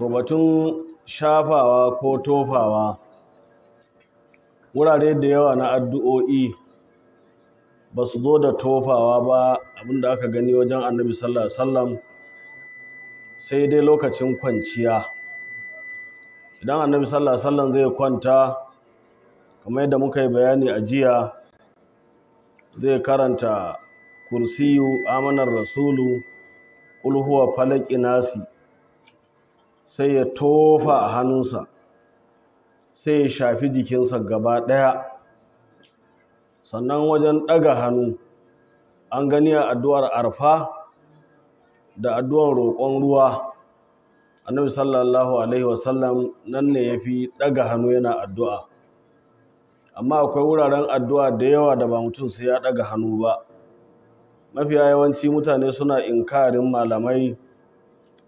to batun shafawa ko tofawa wurare da yawa na addu'o'i ba su zo da tofawa ba abinda aka gani wajen annabi sallallahu alaihi wasallam sai dai lokacin kwanciya idan annabi sallallahu alaihi wasallam zai kwanta kamar yadda muka yi bayani a jiya zai karanta kursiyu amanar rasulu ulhuwa falaki nasi sai ya tofa a hannunsa sai ya shafi jikinsa gaba ɗaya sannan wajen ɗaga hannu an gani a addu'ar arfa da addu'ar roƙon ruwa annabi sallallahu alaihi wasallam nan ne ya fi ɗaga hannu yana addu'a amma akwai wuraren addu'a da yawa da ba mutum sai ya ɗaga hannu ba mafiya yawanci mutane suna inkarin malamai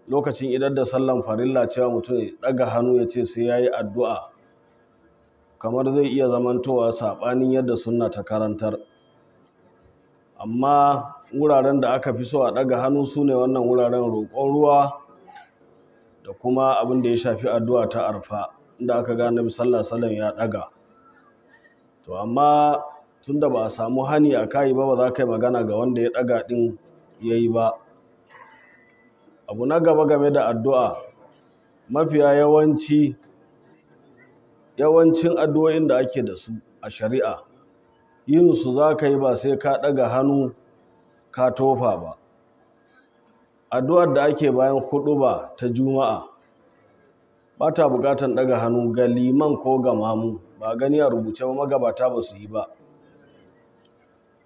lokacin idan da sallan farilla cewa mutum ya ɗaga hannu ya ce sai ya yi addu'a kamar zai iya zamantowa saɓanin yadda sunna ta karantar amma wuraren da aka fi so a ɗaga hannu su ne wannan wuraren roƙon ruwa da kuma abin da ya shafi addu'a ta arfa inda aka ga annabi sallallahu ya ɗaga to amma tunda ba a samu hani a kayi ba ba za ka yi magana ga wanda ya ɗaga ɗin ya yi ba abu na gaba game da addu'a mafiya yawanci yawancin addu'o'in da ake da su a shari'a yin su za ka yi ba sai ka ɗaga hannu ka tofa ba addu'ar da ake bayan ba ta juma'a ba ta buƙatar ɗaga hannu ga liman ko ga mamu ba gani a rubuce ba magabata ba su yi ba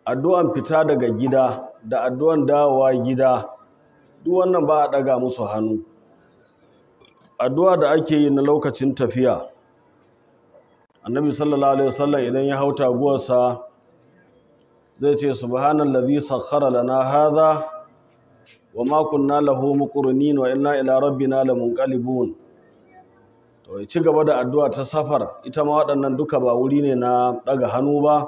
addu'an fita daga gida da addu'an dawowa gida duk wannan ba a ɗaga musu hannu addu'a da ake yi na lokacin tafiya annabi sallallahu alaihi wasallam idan ya hau taguwarsa zai ce subhanallazi sakhkhara lana hadha wa ma kunna lahu muqrinin wa inna ila rabbina lamunqalibun to ci gaba da addu'a ta safar ita ma waɗannan duka ba wuri ne na ɗaga hannu ba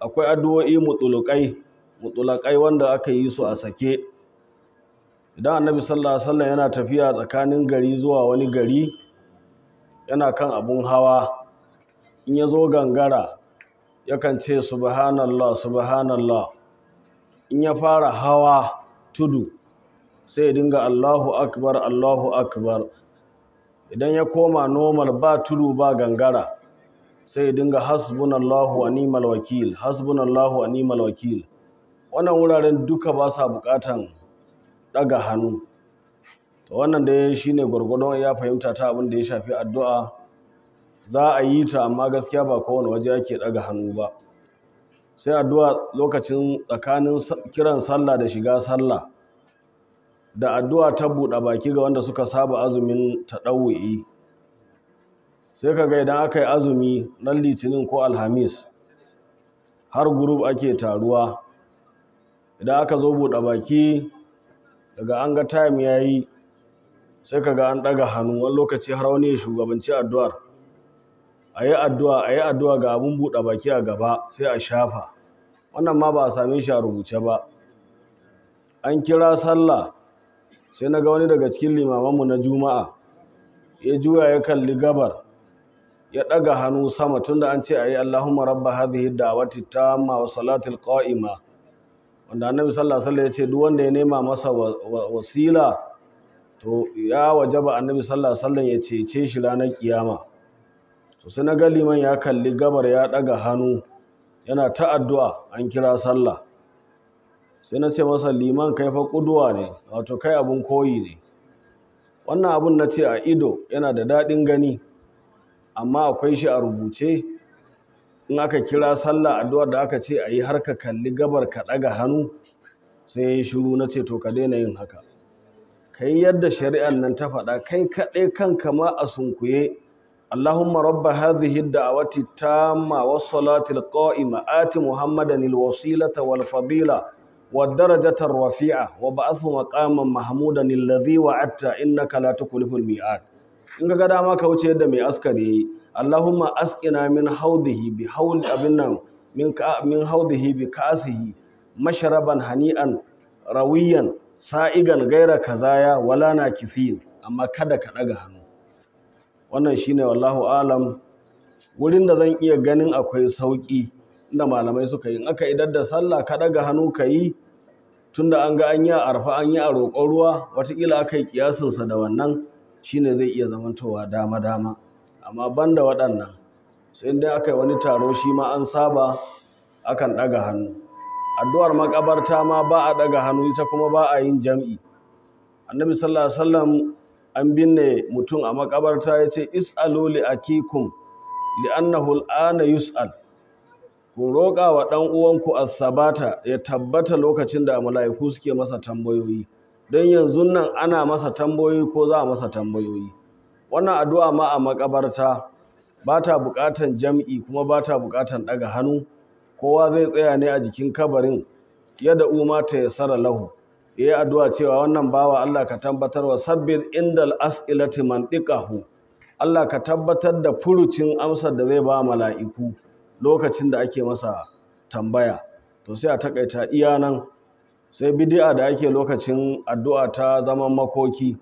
akwai addu'o'i mutulukai mutulakai wanda aka yi su a sake idan annabi sallallahu alaihi wasallam yana tafiya tsakanin gari zuwa wani gari yana kan abun hawa in ya zo gangara yakan ce subhanallah subhanallah in ya fara hawa tudu sai ya dinga allahu akbar allahu akbar idan ya koma normal ba tudu ba gangara sai ya dinga hasbunallahu wa ni'mal wakil hasbunallahu wa ni'mal wakil wannan wuraren duka ba sa bukatan ɗaga hannu to wannan dai ne gwargwadon ya fahimta ta abin da ya shafi addu'a za a yi ta amma gaskiya ba kowane waje ake ɗaga hannu ba sai addu'a lokacin tsakanin kiran sallah da shiga sallah da addu'a ta buɗe baki ga wanda suka saba azumin taɗawu'i sai ka ga idan aka yi azumi ran litinin ko alhamis har gurub ake taruwa idan aka zo buɗe baki daga an ga time ya yi sai ka ga an ɗaga hannu wani lokaci har wani ya shugabanci addu'ar a yi addu'a a yi addu'a ga abin buɗe baki a gaba sai a shafa wannan ma ba a same shi a rubuce ba an kira sallah sai na ga wani daga cikin limamanmu na juma'a ya juya ya kalli gabar ya ɗaga hannu sama tunda an ce a yi allahumma rabba hadhihi ta ma wa salatul ƙa'ima wanda annabi sallallahu alaihi wasallam ya ce duk wanda ya nema masa wasila to ya wajaba annabi sallallahu alaihi wasallam ya cece shi ranar kiyama to sai ga liman ya kalli gabar ya daga hannu yana ta addu'a an kira sallah sai na ce masa liman kai fa kuduwa ne wato kai abun koyi ne wannan abun na ce a ido yana da daɗin gani amma akwai shi a rubuce in aka kira sallah addu'ar da aka ce a yi har ka kalli gabar ka ɗaga hannu sai ya yi shiru na ce to ka daina yin haka kai yadda shari'ar nan ta faɗa kai kaɗai kanka ma a sunkuye Allahumma rabba hadhihi da'awati tamma was salati al-qa'ima ati Muhammadan al-wasilata wal fadila wad darajata ar-rafi'a wa ba'athu maqaman mahmudan alladhi wa'atta innaka la al mi'ad in ga dama ka wuce yadda mai askari Allahumma askina min haudihi bi haul abin nan min ka min haudihi bi kasihi mashraban hani'an rawiyan sa'igan gaira kazaya wala nakisin amma kada ka ɗaga hannu wannan shine wallahu alam wurin da zan iya ganin akwai sauki inda malamai suka yi in aka idar da sallah ka daga hannu ka yi tunda an ga an yi a arfa an yi a roƙon ruwa watakila aka yi kiyasinsa da wannan shine zai iya zamantowa dama dama amma banda waɗannan sai dai aka yi wani taro shi ma an saba akan ɗaga hannu addu'ar makabarta ma ba a ɗaga hannu ita kuma ba a yin jam'i annabi sallallahu alaihi wasallam an binne mutum a makabarta ya ce is'alu li akikum li'annahu al'ana yus'al ku roƙa wa ɗan uwanku asabata ya tabbata lokacin da mala'iku suke masa tambayoyi don yanzu nan ana masa tambayoyi ko za a masa tambayoyi wannan addu'a ma a makabarta ba ta buƙatan jam'i kuma ba ta buƙatan ɗaga hannu kowa zai tsaya ne a jikin kabarin yadda uma ta sara lahu yayi addu'a cewa wannan bawa Allah ka tabbatar wa sabbir indal as'ilati mantiqahu Allah ka tabbatar da furucin amsar da zai ba mala'iku lokacin da ake masa tambaya to sai a takaita iya nan sai bid'a da ake lokacin addu'a ta zaman makoki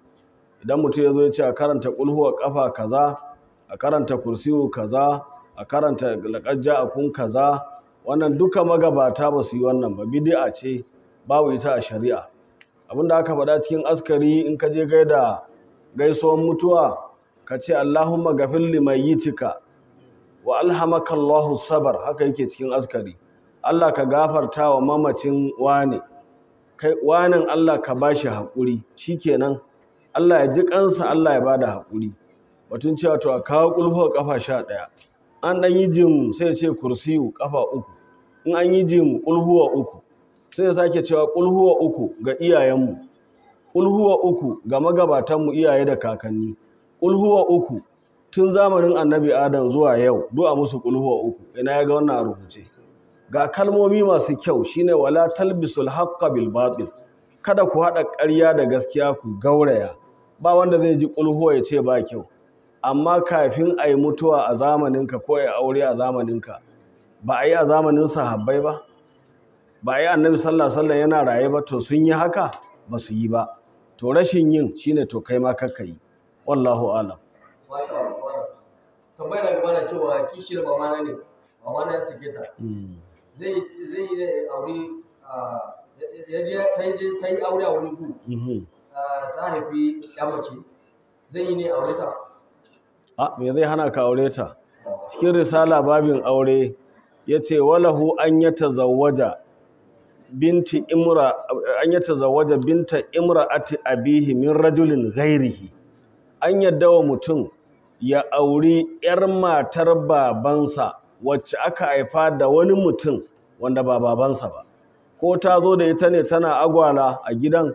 idan mutum ya zo ya ce a karanta kulhuwa kafa kaza a karanta kursiyu kaza a karanta laƙajja a kun kaza wannan duka magabata ba su yi wannan ba bid'a ce babu ita a shari'a abinda aka faɗa cikin askari in ka je gaida gaisuwan mutuwa ka ce Allahumma yi limayyitika wa alhamaka Allahu sabar haka yake cikin askari Allah ka gafarta wa mamacin wane kai wanan Allah ka bashi haƙuri shi shikenan Allah ya ji kansa Allah ya bada haƙuri batun cewa to a kawo kulfa kafa sha ɗaya an ɗan yi jin sai ce kursiyu kafa uku in an yi jin kulhuwa uku sai sake cewa kulhuwa uku ga iyayenmu kulhuwa uku ga magabatanmu iyaye da kakanni kulhuwa uku tun zamanin annabi adam zuwa yau a musu kulhuwa uku ina ya ga wannan rubuce ga kalmomi masu kyau shine wala talbisul haqqa bil batil kada ku haɗa ƙarya da gaskiya ku gauraya ba wanda zai ji kulhuwa ya ce ba kyau amma kafin a yi mutuwa a zamaninka ko a aure a zamaninka ba a yi a zamanin sahabbai ba ba a yi annabi sallallahu alaihi wasallam yana raye ba to sun yi haka ba su yi ba to rashin yin shine to kai ma kaka yi wallahu alam tambayar da gaba da cewa kishiyar mamana ne mamana ya sake ta hmm. zai zai aure ah, ya je ta yi aure a wani ta haifi zai yi ne aureta. me zai hana ka aure ta cikin risala babin aure ya ce walahu an yata zawaja Binta, imra Ati, abihi min rajulin gairihi an yadda wa mutum ya auri 'yar matar babansa wacce aka haifa da wani mutum wanda ba babansa ba ko ta zo da ita ne tana agwala a gidan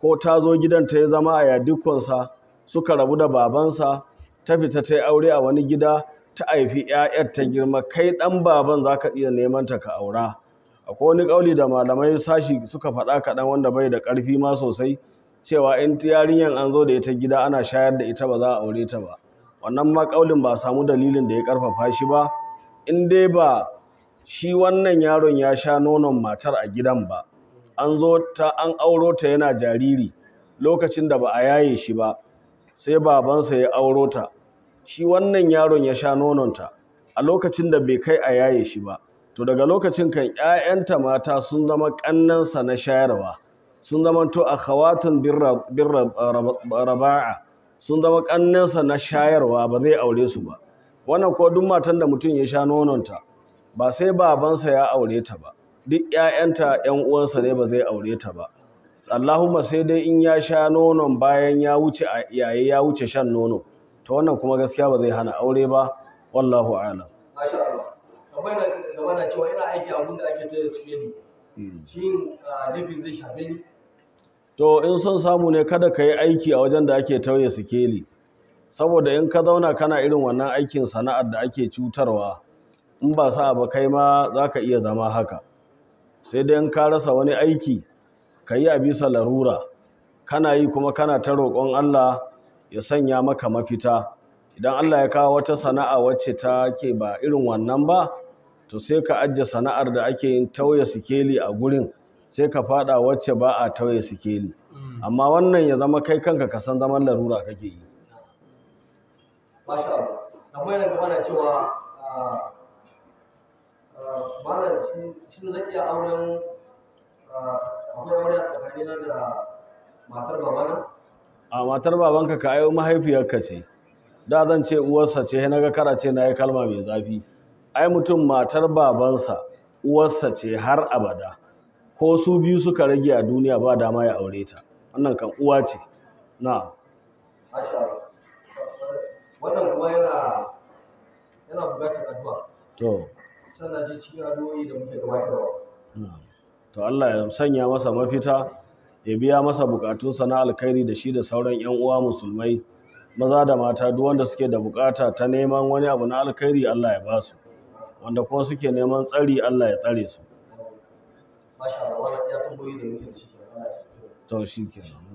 ko ta zo gidan ta yi zama a yadikonsa suka rabu da babansa ta fita ta yi aure a wani gida ta haifi 'ya'yar ta girma kai ɗan baban za ka iya neman ta ka aura akwai wani ƙauli da malamai sashi suka faɗa kaɗan wanda bai da ƙarfi ma sosai cewa in yarinyar an zo da ita gida ana shayar da ita ba za a aure ta ba wannan ma ƙaulin ba samu dalilin da ya ƙarfafa shi ba in dai ba shi wannan yaron ya sha nonon matar a gidan ba an zo ta an auro ta yana jariri lokacin da ba a yaye shi ba sai babansa ya auro ta shi wannan yaron ya sha nononta a lokacin da bai kai a yaye shi ba to daga lokacin kan ‘ya'yanta mata sun zama ƙannansa na shayarwa sun zama to a khawatun birra raba'a sun zama ƙannansa na shayarwa ba zai aure su ba wannan ko duk matan da mutum ya sha nononta ba sai babansa ya aure ta ba duk ‘ya'yanta ‘yan uwansa ne ba zai aure ta ba Allahumma sai dai in ya sha nonon bayan ya wuce yayi ya wuce shan nono to wannan kuma gaskiya ba zai hana aure ba wallahu a'lam masha Allah kamar da cewa ina aiki a da ake ta hmm. to in son samu ne kada ka yi aiki a wajen da ake tauye sikeli saboda in ka zauna kana irin wannan aikin sana'ar da ake cutarwa in ba sa ba kai ma za ka iya zama haka sai dai ka rasa wani aiki ka yi a bisa larura kana yi kuma kana ta roƙon Allah ya sanya maka mafita idan Allah ya kawo wata sana'a wacce ta ke ba irin wannan ba to sai ka ajje sana'ar da ake yin tauye sikeli a gurin sai ka fada wacce ba a tauye sikeli hmm. amma wannan ya zama kai kanka ka san zaman larura kake yi mana shi zan iya auren akwai aure a tsakanina da matar babana a matar babanka ka ayo mahaifiyarka ce da zan ce uwarsa ce na ga kara ce na yi kalma mai zafi ai mutum matar babansa uwarsa ce har abada ko su biyu suka rage a duniya ba dama ya aure ta wannan kan uwa ce na wannan kuma yana yana bukatar addu'a to sallah ce cikin addu'o'i da muke gabatarwa hmm. to Allah ya sanya masa mafita ya biya masa bukatunsa na alkhairi da shi da sauran yan uwa musulmai maza da mata duk wanda suke da bukata ta neman wani abu na alkhairi Allah ya ba su wanda kuma suke neman tsari Allah ya tsare su masha Allah wannan ya tambayoyi da muke da shi to shi kenan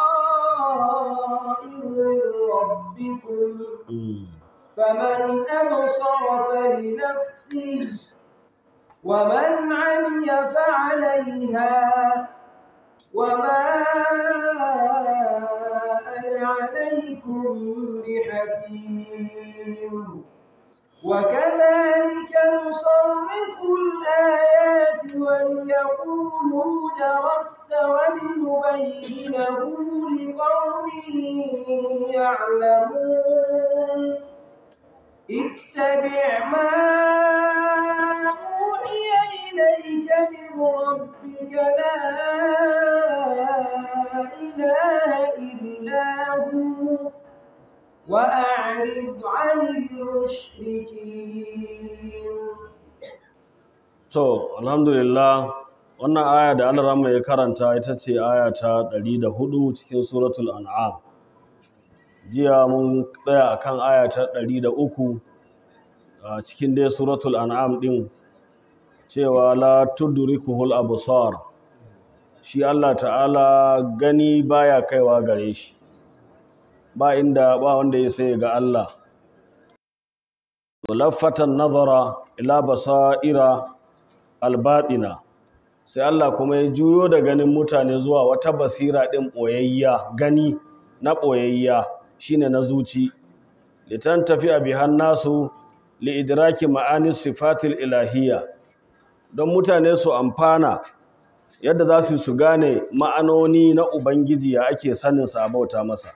فمن أبصر فلنفسه ومن عمي فعليها وما أنا عليكم بحفيظ وكذلك نصرف الآيات وليقولوا درست ولنبينه لقوم يعلمون اتبع ما أوحي إليك من ربك لا إله إلا هو وأعرض عن المشركين So, alhamdulillah, wannan aya da Allah ya karanta ita ce aya ta 104 cikin Suratul An'am. jiya mun tsaya a kan aya ta uku a cikin dai suratul an'am din cewa la tudrikuhul absar shi Allah ta'ala gani baya kaiwa gare shi ba inda ba wanda ya sai ga Allah laffatan nazara ila basaira albatina sai Allah kuma ya juyo da ganin mutane zuwa wata basira din ɓoyayya gani na ɓoyayya. shine na zuci litan tafiya bihan nasu li idraki ma'anin sifatil ilahiyya don mutane su amfana yadda za su su gane ma'anoni na ubangiji ya ake sanin sa bauta masa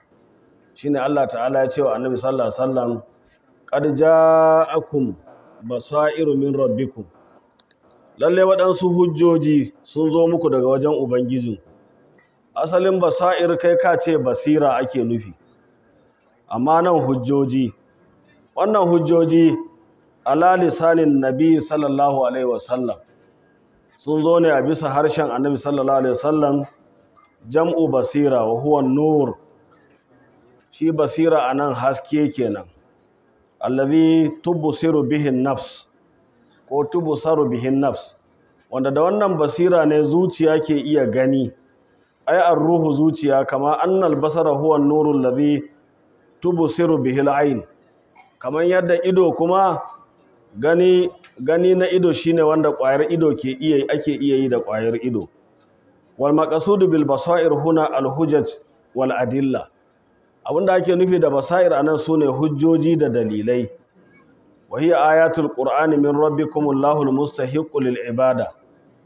shine Allah ta'ala ya ce wa annabi sallallahu alaihi wasallam qad ja'akum basairu min rabbikum lalle waɗansu hujjoji sun zo muku daga wajen Ubangijin. asalin basair kai ka ce basira ake nufi amma nan hujjoji wannan hujjoji ala lisanin nabi sallallahu alaihi wasallam sun zo ne a bisa harshen annabi sallallahu alaihi wasallam jam'u basira wa huwa nur shi basira anan haske kenan allazi tubsiru bihin nafs ko tubsaru nafs wanda da wannan basira ne zuciya ke iya gani ai ruhu zuciya kama annal basara huwa nurul ladhi tubsiru bihi ayn kamar yadda ido kuma gani gani na ido shine wanda ƙwayar ido ke iya ake iya yi da ƙwayar ido wal maqsudu bil basair huna Alhujaj wal adilla abinda ake nufi da basair anan sune hujjoji da dalilai wa hiya ayatul qur'ani min rabbikumullahul al mustahiqu lil ibada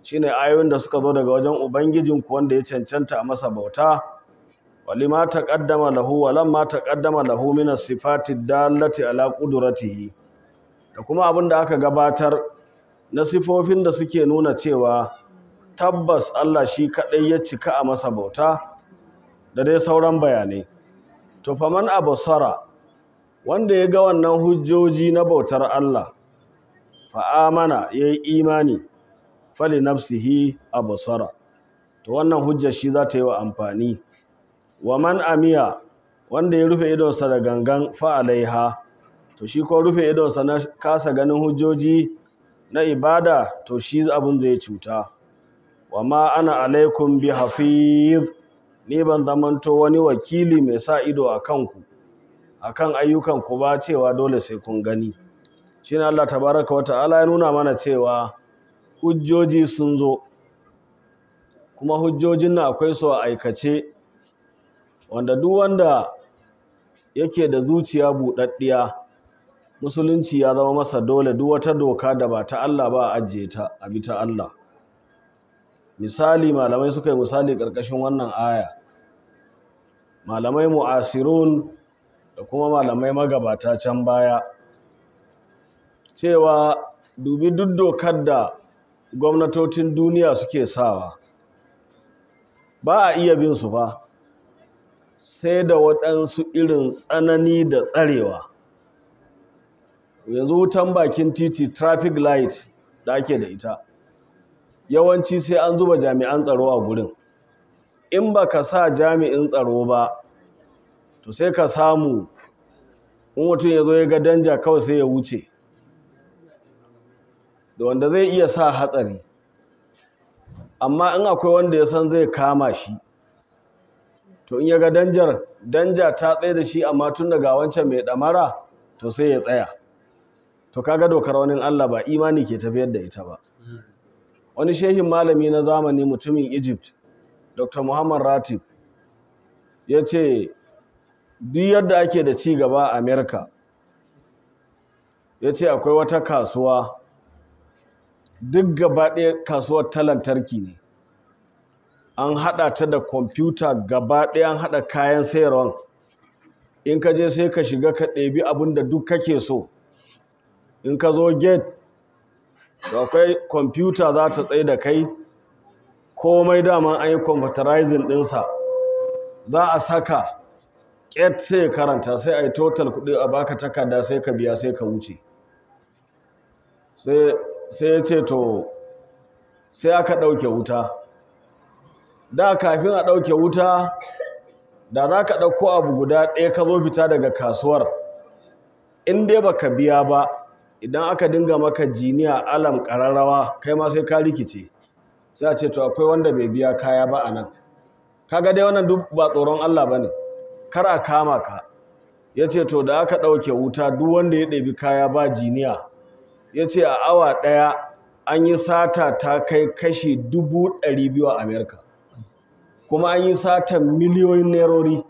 shine ayoyin da suka zo daga wajen ubangijinku wanda ya cancanta a masa bauta ولما تقدم له ولما تقدم له من الصفات الدالة على قدرته da kuma abin da aka gabatar na sifofin da suke nuna cewa tabbas Allah shi kaɗai ya cika a masa bauta da dai sauran bayanai. To a abusara wanda ya ga wannan hujjoji na bautar Allah fa'amana ya yi imani fali a busara, to wannan hujjar shi za ta yi wa amfani wa man amiya wanda ya rufe idonsa da gangan fa alaiha to shi ko rufe idonsa na kasa ganin hujjoji na ibada to shi abin zai cuta wa ma ana alaikum bi hafiz ni ban zamanto wani wakili mai sa ido a kanku akan ayyukan ku ba cewa dole sai kun gani shine Allah tabaraka wa ta'ala ya nuna mana cewa hujjoji sun zo kuma hujjojin na akwai su a aikace wanda duk wanda yake da zuciya buɗaɗɗiya musulunci ya zama masa dole duk wata doka da ba ta Allah ba a ajiye ta a bi ta Allah misali malamai suka yi misali ƙarƙashin wannan aya malamai mu'asirun da kuma malamai magabata can baya cewa dubi duk dokar da gwamnatocin duniya suke sawa ba a iya bin su ba sai da waɗansu irin tsanani da tsarewa yanzu wutan bakin titi traffic light da ake da ita yawanci sai an zuba jami'an tsaro a gurin in ba ka sa jami'in tsaro ba to sai ka samu in mutum ya zo ya ga danja kawai sai ya wuce da wanda zai iya sa hatsari amma in akwai wanda ya san zai kama shi to in ya ga danjar danja ta tsaye da shi amma tun daga wancan mai ɗamara to sai ya tsaya to kaga dokar wani Allah ba imani ke tafiyar da ita ba wani shehin malami na zamani mutumin Egypt Dr. Muhammad Ratib ya ce duk yadda ake da ci gaba a America ya ce akwai wata kasuwa duk gaba ɗaya kasuwar ta lantarki ne an haɗa ta da kwamfuta gaba ɗaya an haɗa kayan sayarwa in ka je sai ka shiga ka ɗebi abin da duk kake so in ka zo gate akwai kwamfuta za ta tsaye da kai komai dama an yi kwamfutarizin ɗinsa za a saka ƙet sai karanta sai a yi total kuɗi a baka takarda sai ka biya sai ka wuce sai ya ce to sai aka ɗauke wuta da kafin a ɗauke wuta da za ka ɗauko abu guda ɗaya ka zo fita daga kasuwar in dai baka biya ba idan aka dinga maka jiniya alam ƙararrawa kai ma sai ka rikice sai a ce to akwai wanda bai biya kaya ba a nan kaga dai wannan duk ba tsoron Allah ba ne kar a kama ka ya ce to da aka ɗauke wuta duk wanda ya ɗabi kaya ba jiniya ya ce a awa ɗaya an yi sata ta kai kashi dubu ɗari biyu a amerika kuma an yi satan miliyoyin nerori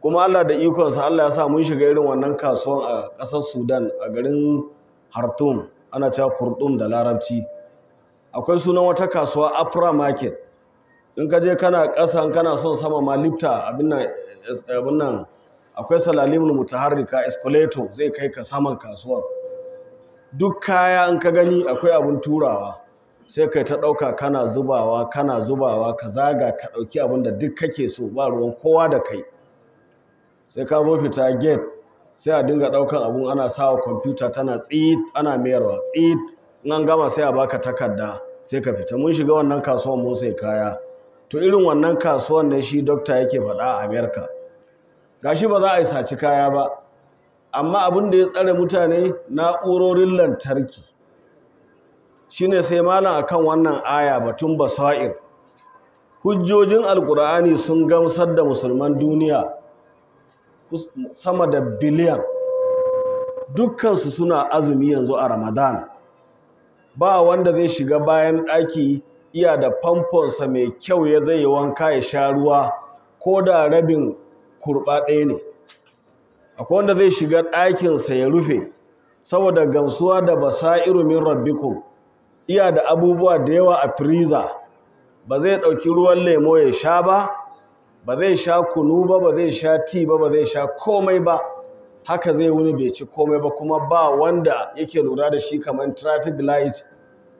kuma Allah da ikonsa Allah ya sa mun shiga irin wannan kasuwan a ƙasar Sudan a garin Hartum ana cewa Khartoum da Larabci akwai sunan wata kasuwa Afra Market in ka je kana ƙasa kana son sama ma lifta abin nan abin nan akwai salalimul mutaharrika escalator zai kai ka saman kasuwar duk kaya in ka gani akwai abin turawa sai kai ta ɗauka kana zubawa kana zubawa ka zaga ka ɗauki abin da duk kake so ba ruwan kowa da kai sai ka zo fita gate sai a dinga ɗaukan abun ana sawa kwamfuta tana tsit ana mayarwa tsit in an gama sai a baka takarda sai ka fita mun shiga wannan kasuwan mun sai kaya to irin wannan kasuwan ne shi dokta yake faɗa a amerika gashi ba za a yi saci kaya ba amma abin da ya tsare mutane na'urorin lantarki shine sai malam akan wannan aya batun basair hujjojin alkur'ani sun gamsar da musulman duniya sama da biliyan dukkansu suna azumi yanzu a ramadan ba wanda zai shiga bayan ɗaki iya da famfonsa mai kyau ya zai yi wanka ya sha ruwa ko da rabin kurɓa ɗaya ne akwai wanda zai shiga ɗakinsa ya rufe saboda gamsuwa da basairu min rabbikum iya da abubuwa da yawa a firiza ba zai ɗauki ruwan lemo ya sha ba ba zai sha kunu ba ba zai sha ti ba ba zai sha komai ba haka zai wuni bai ci komai ba kuma ba wanda yake lura da shi kamar traffic light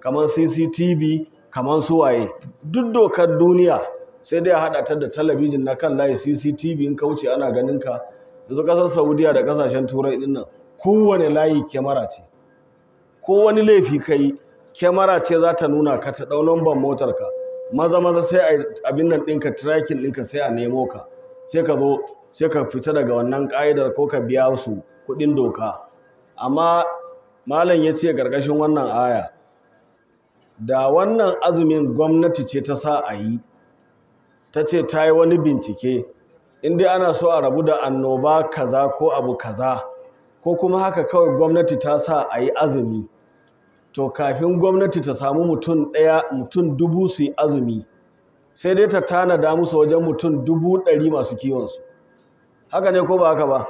kamar cctv kamar suwaye duk dokar duniya sai dai haɗa ta da talabijin na kan layi cctv in ka wuce ana ganin ka yanzu ƙasar saudiya da ƙasashen turai ɗin nan kowane layi kyamara ce ko wani laifi ka yi kyamara ce za ta nuna ka ta ɗau lambar motarka maza maza sai abin nan ɗinka tracking ɗinka sai a nemo ka sai ka zo sai ka fita daga wannan ƙa'idar ko ka biya su kuɗin doka amma malam ya ce ƙarƙashin wannan aya da wannan azumin gwamnati ce ta sa a yi ta ce ta yi wani bincike In dai ana so a rabu da annoba kaza ko abu kaza ko kuma haka kawai gwamnati ta sa a yi azumi to kafin gwamnati ta samu mutum ɗaya mutum dubu su yi azumi sai dai ta tanada musu wajen mutum dubu ɗari masu kiwonsu haka ne ko ba haka ba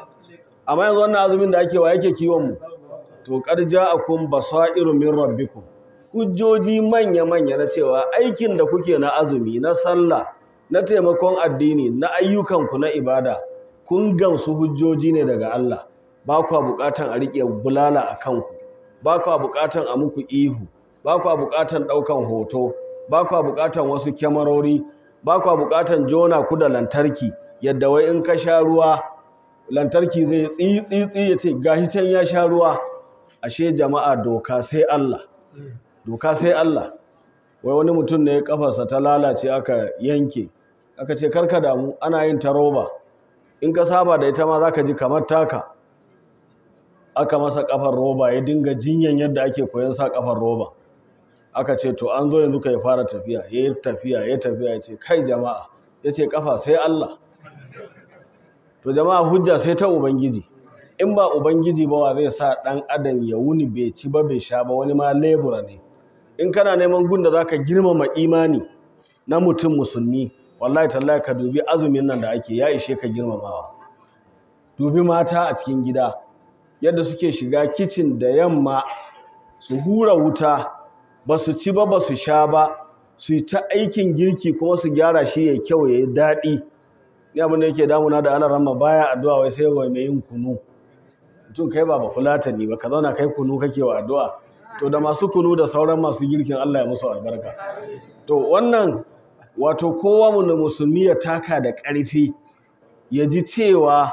amma yanzu wannan azumin da ake wa yake kiwonmu to ƙarja a kun ba irin min rabbiku hujjoji manya-manya na cewa aikin da kuke na azumi na sallah na taimakon addini na ayyukanku na ibada kun gamsu hujjoji ne daga Allah ba kwa buƙatan a riƙe bulala a kanku ba kwa buƙatan a muku ihu ba kwa buƙatan ɗaukan hoto ba kwa buƙatan wasu kyamarori ba kwa buƙatan jona ku da lantarki yadda wai in ka sha ruwa lantarki zai tsiyi tsiyi ya ce gashi can ya sha ruwa ashe jama'a doka sai Allah doka sai Allah wai wani mutum ne kafarsa ta lalace aka yanke aka ce karka damu ana yin ta roba in ka saba da ita ma zaka ji kamar taka aka masa kafar roba ya dinga jinyan yadda ake koyon sa kafar roba aka ce to an zo yanzu ka ya fara tafiya ya yi tafiya ya tafiya ya ce kai jama'a ya ce kafa sai Allah to jama'a hujja sai ta ubangiji in ba ubangiji ba wa zai sa ɗan adam ya wuni bai ci ba bai sha ba wani ma lebura ne in kana neman gun da zaka girmama imani na mutum musulmi wallahi tallahi ka dubi azumin nan da ake ya ishe ka girmamawa dubi mata a cikin gida yadda suke shiga kicin da yamma su hura wuta ba su ci ba ba su sha ba su yi ta aikin girki kuma su gyara shi ya kyau ya yi daɗi ni abin da yake damuna da ana rama baya addu'a wai sai wai mai yin kunu mutum kai ba bakulata ne ba ka zauna kai kunu kake wa addu'a to da masu kunu da sauran masu girkin Allah ya musu albarka to wannan wato kowa mu musulmi ya taka da ƙarfi ya ji cewa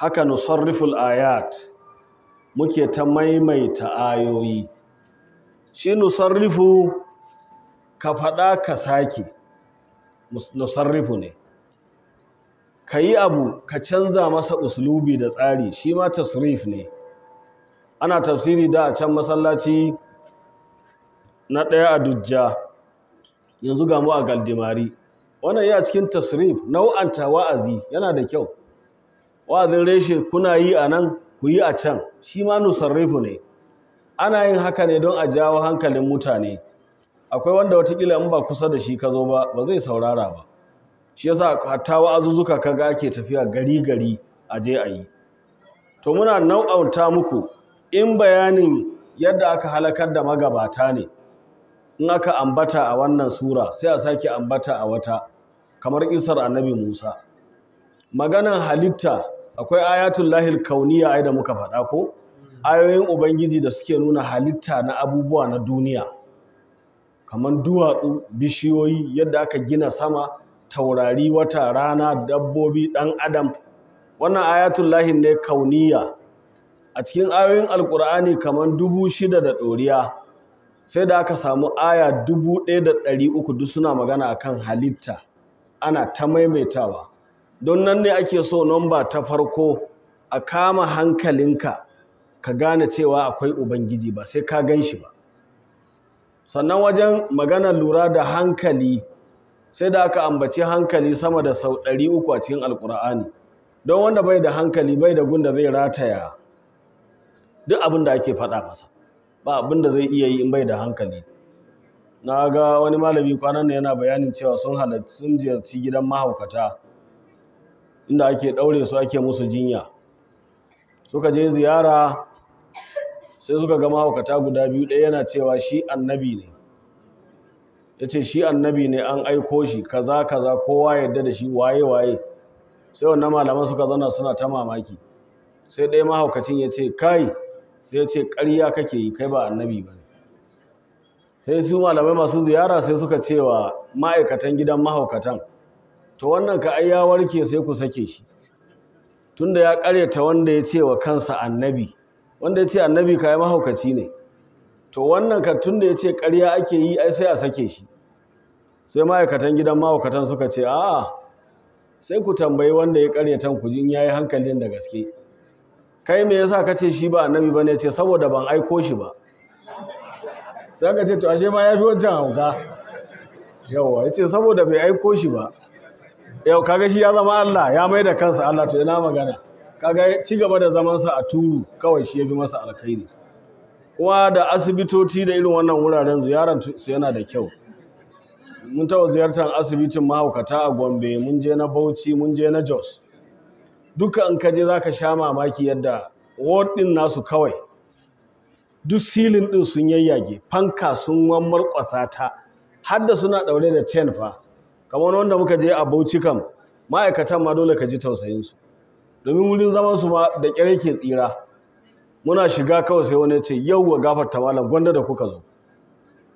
haka nusarriful ayat muke ta maimaita ayoyi shi nusarrifu ka faɗa ka sake nusarrifu ne ka yi abu ka canza masa uslubi da tsari shi ma tasrif ne ana tafsiri da a can masallaci na ɗaya a dujja yanzu ga mu a galdimari wannan yana cikin tasrif nau'anta wa'azi yana da kyau wa'azin reshe kuna yi a nan ku yi a can shi ma nusarrifu ne ana yin haka ne don a jawo hankalin mutane akwai wanda watakila in ba kusa da shi ka zo ba ba zai saurara ba shi yasa hatta wa'azuzzuka ga ake tafiya gari gari a je a yi to muna nau'auta muku in bayanin yadda aka halakar da magabata ne in aka ambata a wannan sura sai a sake ambata a wata kamar isar annabi Musa maganan halitta akwai ayatul lahil kauniya ai da muka faɗa ko ayoyin ubangiji da suke nuna halitta na abubuwa na duniya kamar duwatsu bishiyoyi yadda aka gina sama taurari wata rana dabbobi ɗan adam wannan ayatul lahil ne kauniya a cikin ayoyin alkur'ani kamar dubu shida da ɗoriya sai da aka samu aya dubu ɗaya da ɗari uku duk suna magana akan halitta ana ta maimaitawa don nan ne ake so nomba ta farko a kama hankalinka ka gane cewa akwai ubangiji ba sai ka gan shi ba sannan wajen magana lura da hankali sai da aka ambaci hankali sama da sau ɗari uku a cikin alkur'ani don wanda bai da hankali bai da gunda zai rataya duk abin da ake faɗa masa ba abin da zai iya yi in bai da hankali na ga wani malami kwanan nan yana bayanin cewa sun halarci sun ziyarci gidan mahaukata inda ake ɗaure su ake musu jinya suka je ziyara sai suka ga mahaukata guda biyu ɗaya yana cewa shi annabi ne ya ce shi annabi ne an aiko shi kaza kaza kowa yadda da shi waye waye sai wannan malaman suka zana suna ta mamaki sai ɗaya mahaukacin ya ce kai sai ya ce ƙarya kake yi kai ba annabi ba ne sai su malamai masu ziyara sai suka cewa ma'aikatan gidan mahaukatan to wannan ka ai ya warke sai ku sake shi tunda ya karyata wanda ya ce wa kansa annabi wanda ya ce annabi ka yi mahaukaci ne to wannan ka tunda ya ce karya ake yi ai sai a sake shi sai ma'aikatan gidan mahaukatan suka ce a'a sai ku tambayi wanda ya karyatan ku jin yayi hankalin da gaske kai me yasa kace shi ba annabi bane ce saboda ban aiko shi ba sai ka ce to ashe ma ya fi wancan hauka yawa ce saboda bai aiko shi ba yau kaga shi ya zama Allah ya mai da kansa Allah to ina magana kaga ci gaba da zamansa a turu kawai shi ya bi masa alkhairi kuma da asibitoci da irin wannan wuraren ziyarar su yana da kyau mun taɓa ziyartar asibitin mahaukata a gombe mun je na bauchi mun je na jos duka in ka je za sha mamaki yadda ward ɗin nasu kawai duk silin ɗin sun yayyage fanka sun wammar kwata ta har da suna ɗaure da chain fa kamar wanda muka je a bauchi kam ma'aikatan ma dole ka ji tausayin su domin wurin zaman su ma da kyar yake tsira muna shiga kawai sai wani ya ce yau wa gafarta malam gwanda da kuka zo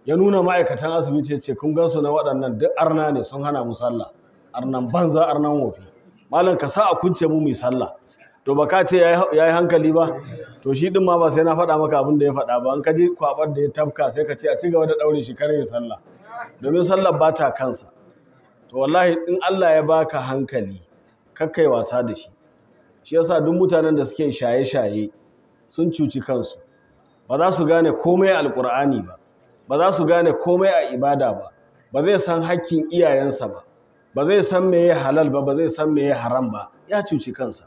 ya nuna ma'aikatan asibiti ya ce kun gansu na waɗannan duk arna ne sun hana mu sallah arnan banza arnan wofi malam ka sa a kunce mu mu sallah to baka ce ya yi hankali ba to shi din ma ba sai na faɗa maka abin da ya faɗa ba an ka ji kwabar da ya tafka sai ka ce a ci gaba da ɗaure shi kare ya sallah domin sallah ba ta kansa to wallahi in Allah ya baka hankali ka yi wasa da shi shi yasa duk mutanen da suke shaye-shaye sun cuci kansu ba za su gane komai a alkur'ani ba ba za su gane komai a ibada ba ba zai san hakkin iyayensa ba ba zai san meye halal ba ba zai san meye haram ba ya cuci kansa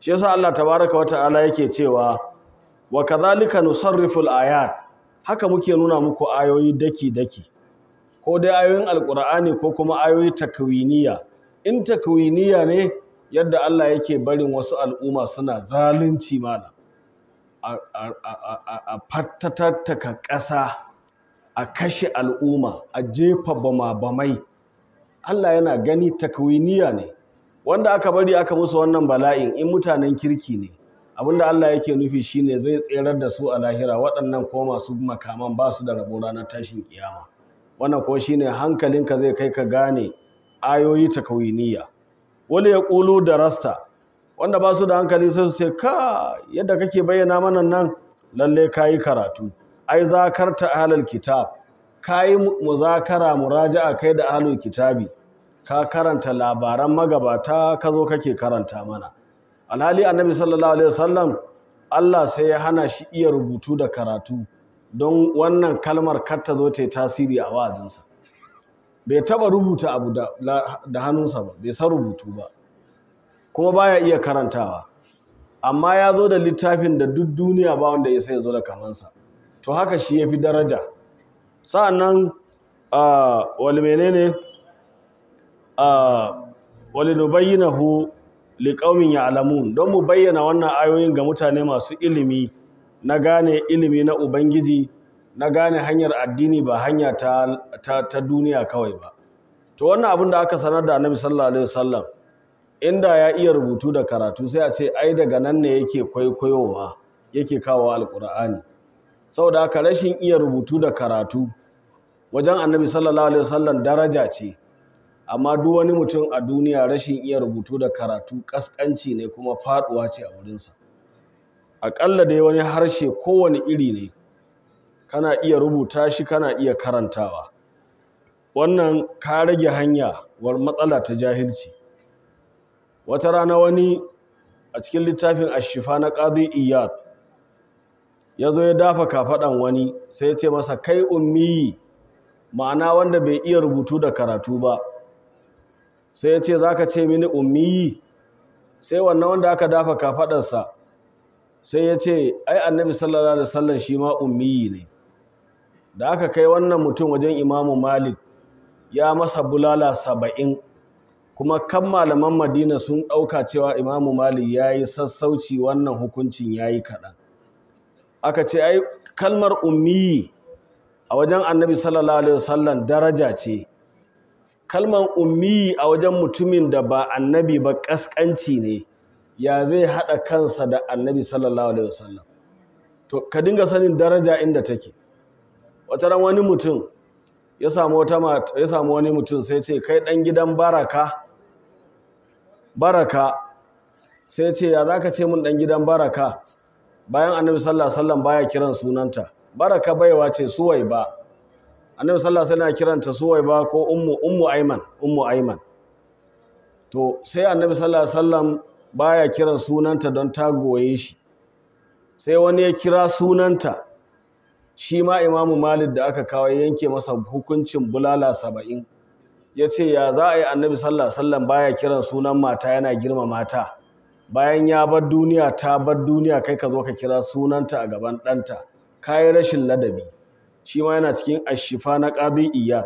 shi yasa Allah tabaraka wa ta'ala yake cewa wa kadhalika nusarriful ayat haka muke nuna muku ayoyi daki daki ko dai ayoyin alkur'ani ko kuma ayoyi takwiniya in takwiniya ne yadda Allah yake barin wasu al'umma suna zalunci mana a fattatattaka ƙasa a kashe al'umma a jefa bama-bamai Allah yana gani takwiniya ne wanda aka bari aka musu wannan bala'in in mutanen kirki ne abinda Allah yake nufi shine zai tserar da su a lahira waɗannan ko masu makaman ba su da rabo ranar tashin kiyama wannan ko shine hankalinka zai kai ka gane ayoyi ta kawiniya wani ya ƙulu da rasta wanda ba su da hankali sai su ce ka yadda kake bayyana mana nan lalle ka yi karatu ai ta ahlul kitab ka yi muzakara a kai da ahlul kitabi ka karanta labaran magabata ka zo kake karanta mana alhali annabi sallallahu alaihi wasallam Allah sai ya hana shi iya rubutu da karatu don wannan kalmar kar ta zo ta yi tasiri a wa'azinsa bai taba rubuta abu da hannunsa ba bai san rubutu ba kuma baya iya karantawa amma ya zo da littafin da duk duniya ba wanda ya sai ya zo da kamansa to haka shi ya fi daraja sa'annan wani menene hu liƙaumin ya alamun don mu bayyana wannan ayoyin ga mutane masu ilimi na gane ilimi na ubangiji na gane hanyar addini ba hanya ta, duniya kawai ba to wannan abin da aka sanar da annabi sallallahu alaihi wasallam inda ya iya rubutu da karatu sai a ce ai daga nan ne yake kwaikwayowa yake kawo alkur'ani da haka rashin iya rubutu da karatu wajen annabi sallallahu alaihi wasallam daraja ce amma duk wani mutum a duniya rashin iya rubutu da karatu kaskanci ne kuma faduwa ce a wurinsa aƙalla dai wani harshe kowane iri ne kana iya rubuta shi kana iya karantawa wannan ka rage hanya war matsala ta jahilci wata rana wani a cikin littafin ashifa na ƙazi iyad ya zo ya dafa kafaɗan wani sai ya ce masa kai ummiyi ma'ana wanda bai iya rubutu da karatu ba sai ya ce za ka ce mini ummiyi sai wannan wanda aka dafa sa? sai ya ce ai annabi sallallahu alaihi wasallam shi ma ummiyi ne da aka kai wannan mutum wajen imamu malik ya masa bulala saba'in kuma kan malaman madina sun ɗauka cewa imamu malik ya yi sassauci wannan hukuncin ya yi kaɗan aka ce ai kalmar ummiyi a wajen annabi sallallahu alaihi wasallam daraja ce kalmar ummiyi a wajen mutumin da ba annabi ba ƙasƙanci ne ya zai haɗa kansa da annabi sallallahu alaihi wasallam to ka dinga sanin daraja inda take wata ran wani mutum ya samu wata mata ya samu wani mutum sai ce kai dan gidan baraka baraka sai ce ya zaka ce mun dan gidan baraka bayan annabi sallallahu alaihi wasallam baya kiran sunanta baraka baiwa ce suwai ba annabi sallallahu alaihi wasallam kiranta suwai ba ko ummu ummu aiman ummu aiman to sai annabi sallallahu alaihi wasallam baya kiran sunanta don ta goye shi sai wani ya kira sunanta shi ma imamu malik da aka kawo yanke masa hukuncin bulala saba'in ya ce ya za a yi annabi sallallahu alaihi wasallam baya kiran sunan mata yana girma mata bayan ya bar duniya ta bar duniya kai ka zo ka kira sunanta a gaban ɗanta ka rashin ladabi shi ma yana cikin ashifa na ƙabi iya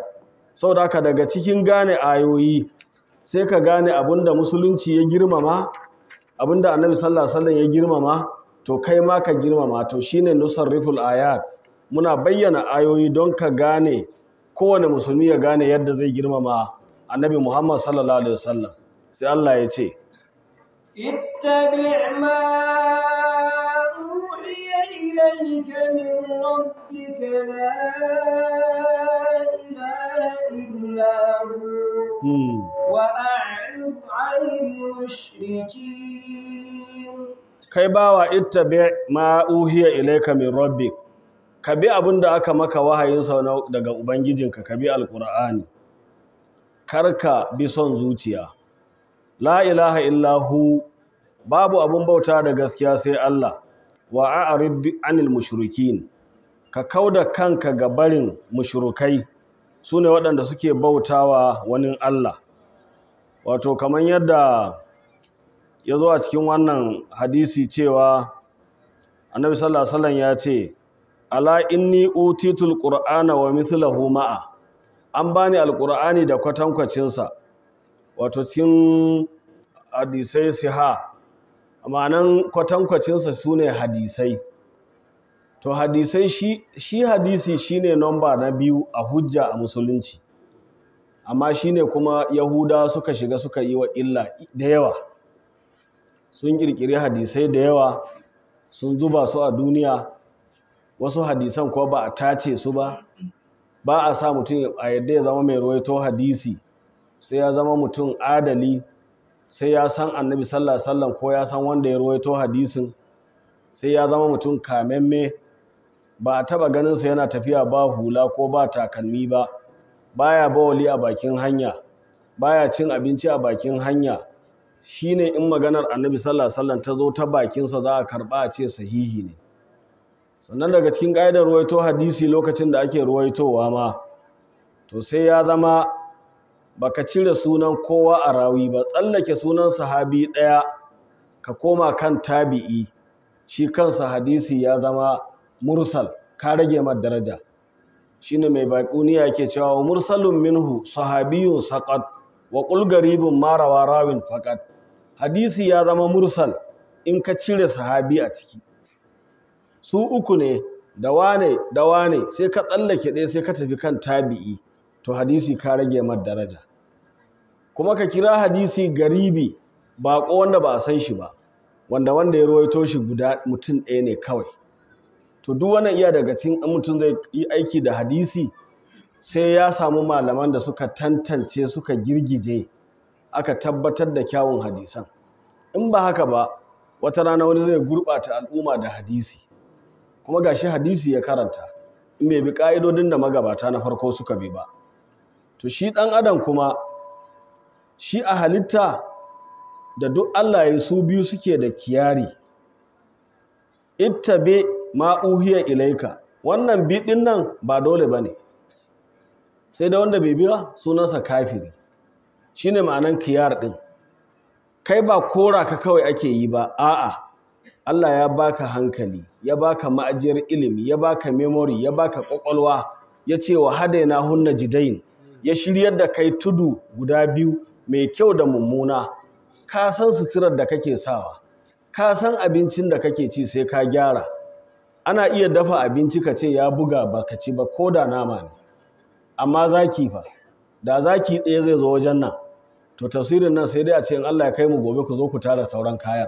saboda haka daga cikin gane ayoyi sai ka gane abin da musulunci ya girmama abinda annabi sallallahu alaihi wasallam ya girmama to kai ma ka girmama to shine nusarriful ayat muna bayyana ayoyi don ka gane kowane musulmi ya gane yadda zai girmama annabi Muhammad sallallahu alaihi wasallam sai Allah ya ce ittabi' إليك من ربك لا إله إلا هو وأعرض عن المشركين kai bawa ittabi ma uhiya ka bi abin da aka maka wahayin sa daga ubangijinka ka bi alqur'ani karka bi son zuciya la ilaha illa babu abin bauta da gaskiya sai Allah wa a'rid anil mushrikin ka kauda kanka ga barin mushrikai sune waɗanda suke bautawa wani Allah wato kamar yadda ya zo a cikin wannan hadisi cewa annabi sallallahu alaihi wasallam ya ce ala inni utitul qur'ana wa mithluhu ma'a an bani alqur'ani da kwatankwacinsa wato cikin hadisai siha ma'anan kwatankwacinsa su ne hadisai to hadisai shi, shi hadisi shine nomba na biyu a hujja a musulunci amma shi ne kuma yahuda suka shiga suka yi wa illa da yawa sun ƙirƙiri hadisai da yawa sun zuba su a duniya wasu hadisan kuwa ba a tace su ba ba a sa mutum a yadda ya zama mai ruwaito hadisi sai ya zama mutum adali sai ya san annabi sallallahu alaihi wasallam ko ya san wanda ya ruwaito hadisin sai ya zama mutum kamemme ba a taba ganin sa yana tafiya ba hula ko ba takalmi ba baya bawali a bakin hanya baya cin abinci a bakin hanya shine in maganar annabi sallallahu alaihi wasallam ta zo ta bakin sa za a karba a ce sahihi ne sannan daga cikin ƙa'idar ruwaito hadisi lokacin da ake ruwaitowa ma to sai ya zama baka cire sunan kowa a rawi ba tsallake sunan sahabi ɗaya ka koma kan tabi'i shi kansa hadisi ya zama mursal ka rage mar daraja shine mai baƙuniya yake cewa wa mursalun minhu sahabiyun saqat wa qul garibun Marawa rawin faqat hadisi ya zama mursal in ka cire sahabi a ciki su uku ne da wane da wane sai ka tsallake ɗaya sai ka tafi kan tabi'i to hadisi ka rage mar daraja kuma ka kira hadisi garibi baƙo wanda ba a san shi ba wanda wanda ya ruwaito shi guda mutum ɗaya ne kawai to duk wannan iya daga cikin mutum zai yi aiki da hadisi sai ya samu malaman da suka tantance suka girgije aka tabbatar da kyawun hadisan in ba haka ba wata rana wani zai gurɓata al'umma da hadisi kuma ga shi hadisi ya karanta in bai bi ƙa'idodin da magabata na farko suka bi ba to shi ɗan adam kuma shi a halitta da duk Allah ya su biyu suke da kiyari ittabe ma uhiya ilaika wannan biɗin nan ba dole bane sai da wanda bai biya sunansa kafiri shine ma'anan kiyar ɗin. kai ba kora ka kawai ake yi ba a'a Allah ya baka hankali ya baka ma'ajiyar ilimi ya baka memory ya baka kwakwalwa ya ce wa na hunna jidain ya shiryar da kai tudu guda biyu mai kyau da mummuna ka san suturar da kake sawa ka san abincin da kake ci sai ka gyara ana iya dafa abinci ka ce ya buga ka ci ba ko da nama ne amma zaki fa da zaki ɗaya zai zo wajen nan to tasirin nan sai dai a ce in Allah ya kai mu gobe ku zo ku tara sauran kayan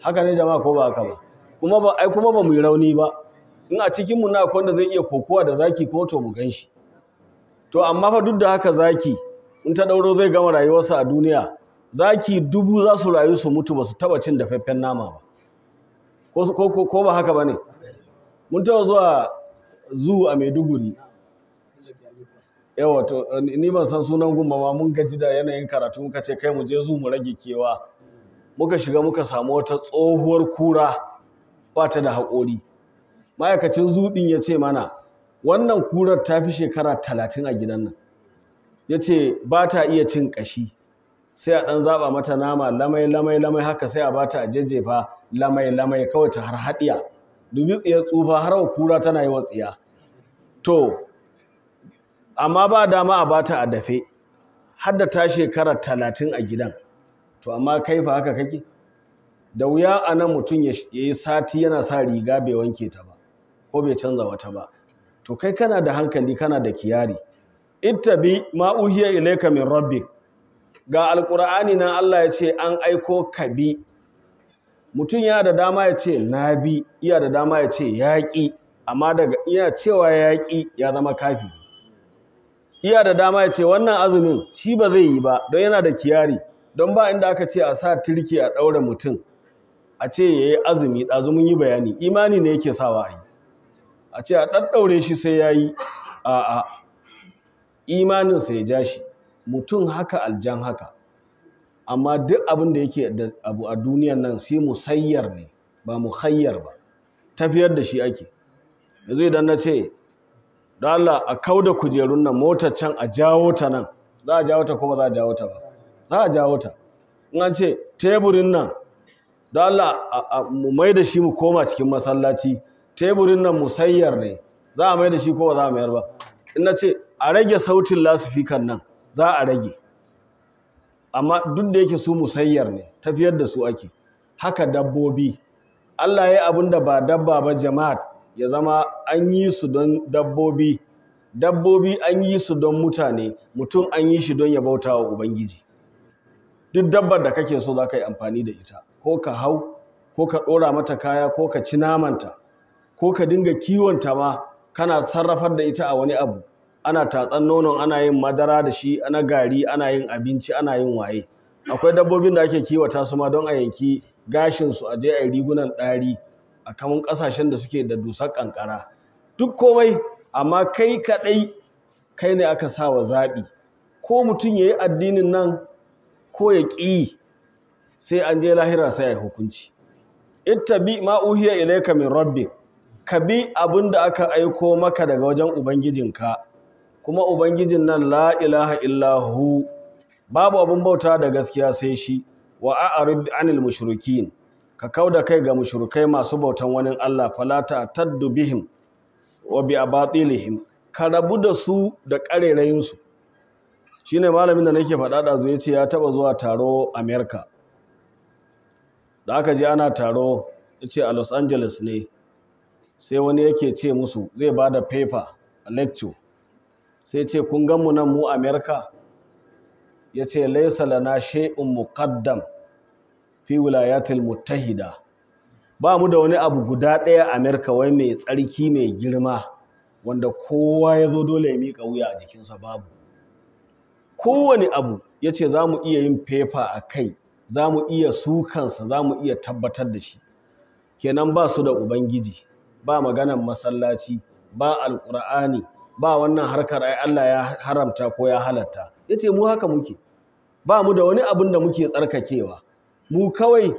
haka ne jama'a ko ba haka ba kuma ba ai kuma ba mu yi rauni ba in a cikin mu na akwai wanda zai iya kokowa da zaki ko to mu gan shi to amma fa duk da haka zaki in ta ɗauro zai gama rayuwarsa a duniya zaki dubu za su rayu su mutu ba su taɓa cin dafaffen nama ba ko ba haka ba ne mun taɓa zuwa zu a maiduguri yawa to ni ban san sunan gumba ma mun gaji da yanayin karatu muka ce kai mu je zu mu rage kewa muka shiga muka samu wata tsohuwar kura ba ta da haƙori ma'aikacin zuɗin ya ce mana wannan kurar ta fi shekara talatin a gidan nan ya ce ba ta iya cin ƙashi sai a ɗan zaɓa mata nama lamai lamai lamai haka sai a ba ta a jajjefa lamai lamai kawai ta har haɗiya dubi tsiyar tsufa har wa kura tana yi wa tsiya to amma ba dama a ba ta a dafe har da ta shekara talatin a gidan to amma kai fa haka kake da wuya a nan mutum ya yi sati yana sa riga bai wanke ta ba ko bai canza wata ba to kai kana da hankali kana da kiyari ittabi ma uhiya ilayka min rabbik ga alqur'ani nan Allah ya ce an aiko ka bi mutum yana da dama ya ce na iya da dama ya ce yaƙi amma daga iya cewa yaƙi ya zama kafi iya da dama ya ce wannan azumin shi ba zai yi ba don yana da kiyari don ba inda aka ce a sa turki a ɗaure mutum a ce ya yi azumi ɗazumin yi bayani imani ne yake sawa a a ce a ɗaɗɗaure shi sai yayi yi a'a imaninsa ya ja shi mutum haka aljan haka amma duk abin da yake abu a duniyan nan sai musayyar ne ba mu khayyar ba tafiyar da shi ake yanzu idan na ce da Allah a kau da kujerun nan motar can a jawo ta nan za a jawo ta ko ba za a jawo ta ba za a jawo ta in an ce teburin nan da Allah mu mai da shi mu koma cikin masallaci teburin nan musayyar ne za a mai da shi ko ba za a mayar ba in na ce a rage sautin lasifikan nan za a rage amma duk da yake su musayyar ne tafiyar da su ake haka dabbobi Allah ya abin da ba dabba ba jama'at ya zama an yi su don dabbobi dabbobi an yi su don mutane mutum an yi shi don ya bauta wa ubangiji duk dabbar da kake so za ka yi amfani da ita ko ka hau ko ka ɗora mata kaya ko ka ci namanta ko ka dinga kiwon ta ma kana sarrafar da ita a wani abu ana tatsan nonon ana yin madara da shi ana gari ana yin abinci ana yin waye akwai dabbobin da ake kiwata su ma don a yanki gashin su a je a rigunan ɗari a kaman ƙasashen da suke da dusar ƙanƙara duk komai amma kai kaɗai kai ne aka sa wa zaɓi ko mutum ya yi addinin nan ko ya ƙi sai an je lahira sai ya yi hukunci bi ma uhiya ilayka min rabbik ka bi abin da aka aiko maka daga wajen ubangijinka kuma ubangijin nan la ilaha illahu babu abin bauta da gaskiya sai shi wa a'rid anil mushrikin ka kauda kai ga mushrikai masu bautan wani Allah falata taddu bihim wa bi abatilihim ka rabu da su da karerayin su shine malamin da nake faɗa da zuwa yace ya taba zuwa taro America da aka je ana taro yace a Los Angeles ne sai wani yake ce musu zai bada paper a lecture sai ce kun gan mu nan mu amerika ya ce laisa lana shay'un muqaddam fi wilayatil muttahida ba mu da wani abu guda ɗaya amerika wai mai tsarki mai girma wanda kowa ya zo dole ya miƙa wuya a jikinsa babu kowane abu ya ce za mu iya yin fefa a kai za mu iya sukansa za mu iya tabbatar da shi kenan ba su da ubangiji ba maganan masallaci ba alƙur'ani ba wannan harkar ai Allah ya haramta ko ya halatta yace mu haka muke ba mu da wani abin da muke tsarkakewa mu kawai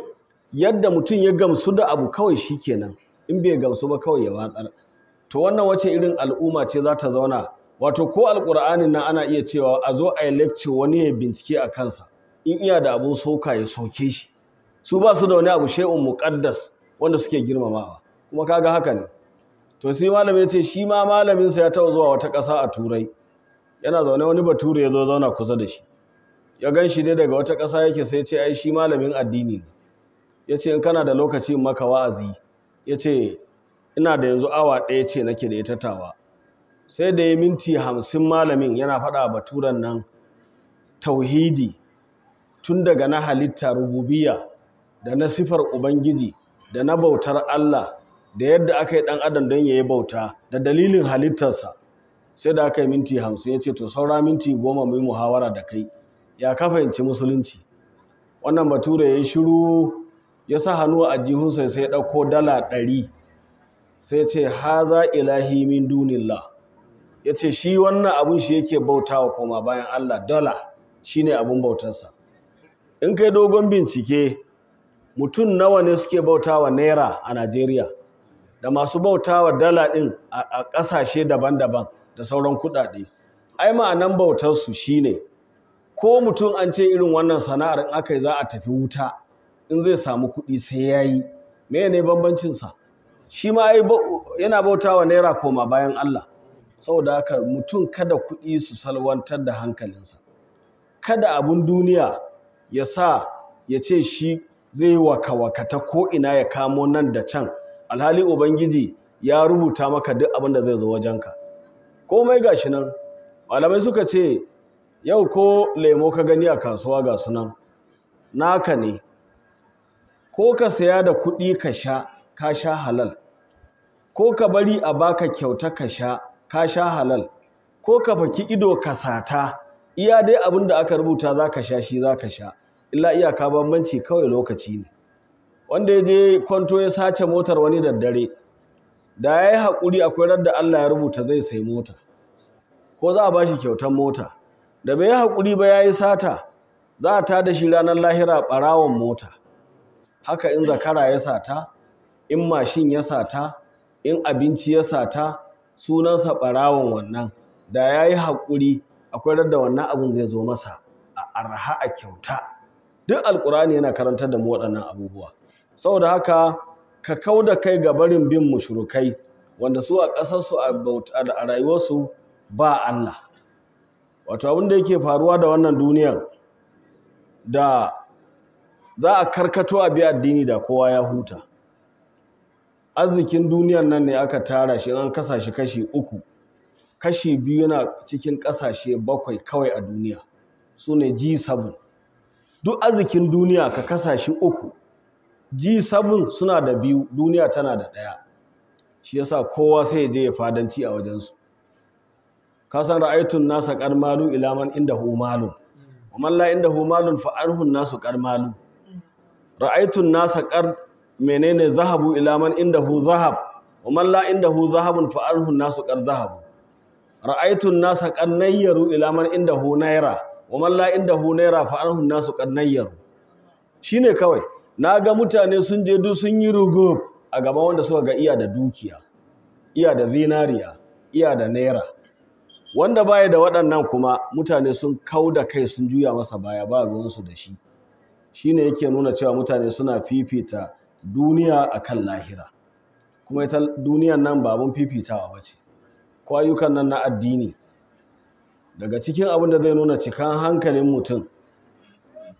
yadda mutum ya gamsu da abu kawai shikenan in bai gamsu ba kawai ya watsar to wannan wace irin al'umma ce za ta zauna wato ko alƙur'anin na ana iya cewa a zo a yi lecture wani ya bincike a kansa in iya da abun soka ya soke shi su ba su da wani abu shay'un muqaddas wanda suke girmamawa kuma kaga haka ne to sai malami ya ce shi ma malaminsa ya taɓa zuwa wata ƙasa a turai yana zaune wani bature ya zo zauna kusa da shi ya ganshi shi ne daga wata ƙasa yake sai ce ai shi malamin addini ne ya ce in kana da lokaci maka wa'azi ya ce ina da yanzu awa ɗaya ce nake da ita tawa. sai da ya minti hamsin malamin yana faɗa baturen nan tauhidi tun daga na halitta rububiya da na sifar ubangiji da na bautar Allah da yadda aka yi ɗan adam don ya yi bauta da dalilin halittarsa sai da aka yi minti hamsin ya ce to saura minti goma mai muhawara da kai ya ka fahimci musulunci wannan bature ya shiru ya sa hannu a jihunsa sai ya ɗauko dala ɗari sai ce haza ilahi min dunillah ya ce shi wannan abun shi yake bautawa koma bayan Allah dala shine abun bautarsa in kai dogon bincike mutum nawa ne suke bautawa naira a Najeriya da masu bautawa dala ɗin a ƙasashe daban-daban da sauran kuɗaɗe ai ma'anan bautarsu shine ko mutum an ce irin wannan sana'ar in aka yi za a tafi wuta in zai samu kuɗi sai ya yi me ne bambancinsa shi ma yana bautawa naira koma bayan Allah saboda haka mutum kada kuɗi su salwantar da hankalinsa kada abun duniya ya sa ya ce shi zai waka-wakata ko ina ya kamo nan da can alhali ubangiji ya rubuta maka duk abin da zai zo wajenka komai gashi nan malamai suka ce yau ko lemo ka gani a kasuwa ga sunan naka ne ko ka saya da kuɗi ka sha ka sha halal ko ka bari a baka kyauta ka sha ka sha halal ko ka faki ido ka sata iya dai abin da aka rubuta za ka sha shi za ka sha illa iyaka bambanci kawai lokaci ne wanda ya je kwanto ya sace motar wani daddare da ya yi haƙuri akwai radda Allah ya rubuta zai sai mota ko za a ba shi kyautar mota da bai yi haƙuri ba ya yi sata za a da shi ranar lahira ɓarawon mota haka in zakara ya sata in mashin ya sata in abinci ya sata sunansa ɓarawon wannan da ya yi haƙuri akwai radda wannan abin zai zo masa a arha a kyauta duk alƙur'ani yana karantar da mu waɗannan abubuwa saboda haka ka kau da kai ga barin bin mushrikai wanda su a ƙasarsu a rayuwarsu ba Allah wato abin da yake faruwa da wannan duniyar da za a karkato a bi addini da kowa ya huta arzikin duniyar nan ne aka tara shi an kasa kashi uku kashi biyu na cikin ƙasashe bakwai kawai a duniya Sune ne g7 duk arzikin duniya ka kasa uku G7 suna da biyu duniya tana da ɗaya shi yasa kowa sai ya je ya fadanci a wajensu ka san ra'aitun nasa karmalu ila man inda hu malu. wa la inda hu malun fa arhun nasu karmalu ra'aitun nasa kar menene zahabu ila man inda hu zahab wa la inda hu zahabun fa arhun nasu kar zahabu ra'aitun nasa kar nayyaru ila man inda hu naira wa la inda hu naira fa arhun nasu kar nayyaru shine kawai na ga mutane sun je duk sun yi rugub a gaban wanda suka ga iya da dukiya iya da zinariya iya da naira wanda baya da waɗannan kuma mutane sun kau da kai sun juya masa baya ba ruwansu da shi shine yake nuna cewa mutane suna fifita duniya akan lahira kuma ita duniyan nan ba abin fifitawa ba ce kwayukan nan na addini daga cikin abin da zai nuna cikan hankalin mutum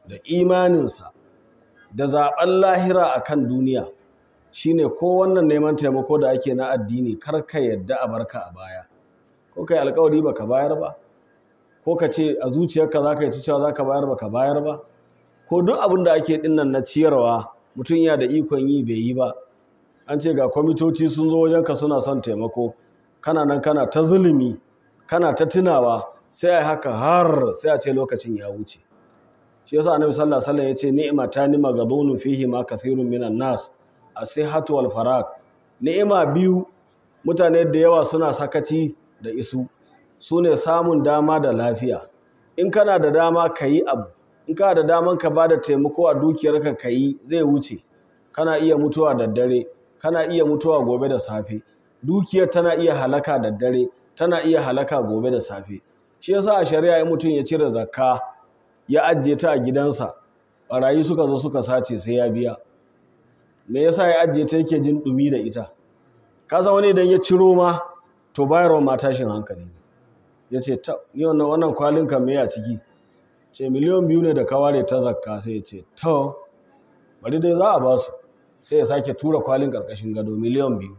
da imaninsa da zaɓen lahira a kan duniya shine ko wannan neman taimako da ake na addini kar ka yadda a barka a baya ko ka yi alkawari baka bayar ba ko ka ce a zuciyarka za ka yi cewa za ka bayar ba ka bayar ba ko duk abin da ake dinnan na ciyarwa mutum ya da ikon yi bai yi ba an ce ga kwamitoci sun zo wajenka suna son taimako kana nan kana ta zulumi kana ta tunawa sai a haka har sai a ce lokacin ya wuce shi yasa annabi sallallahu alaihi wasallam yace ni'ma ta nima magabunu fihi ma kathirun minan nas asihatu wal farak? ni'ima biyu mutane da yawa suna sakaci da isu sune samun dama da lafiya in kana da dama ka yi abu in kana da daman ka ba da taimako a dukiyarka ka yi zai wuce kana iya mutuwa da dare kana iya mutuwa gobe da safe dukiyar tana iya halaka da dare tana iya halaka gobe da safe shi yasa a shari'a in mutum ya cire zakka ya ajiye ta a gidansa ɓarayi suka zo suka sace sai ya biya me yasa ya ajiye ta yake jin dumi da ita san wani idan ya ciro ma to bayarwa ma tashin hankali ya ce wannan kwalin ka me ya ciki ce miliyan biyu ne da ka ware ta zakka sai ya ce to bari dai za a ba su sai ya sake tura kwalin karkashin gado miliyan biyu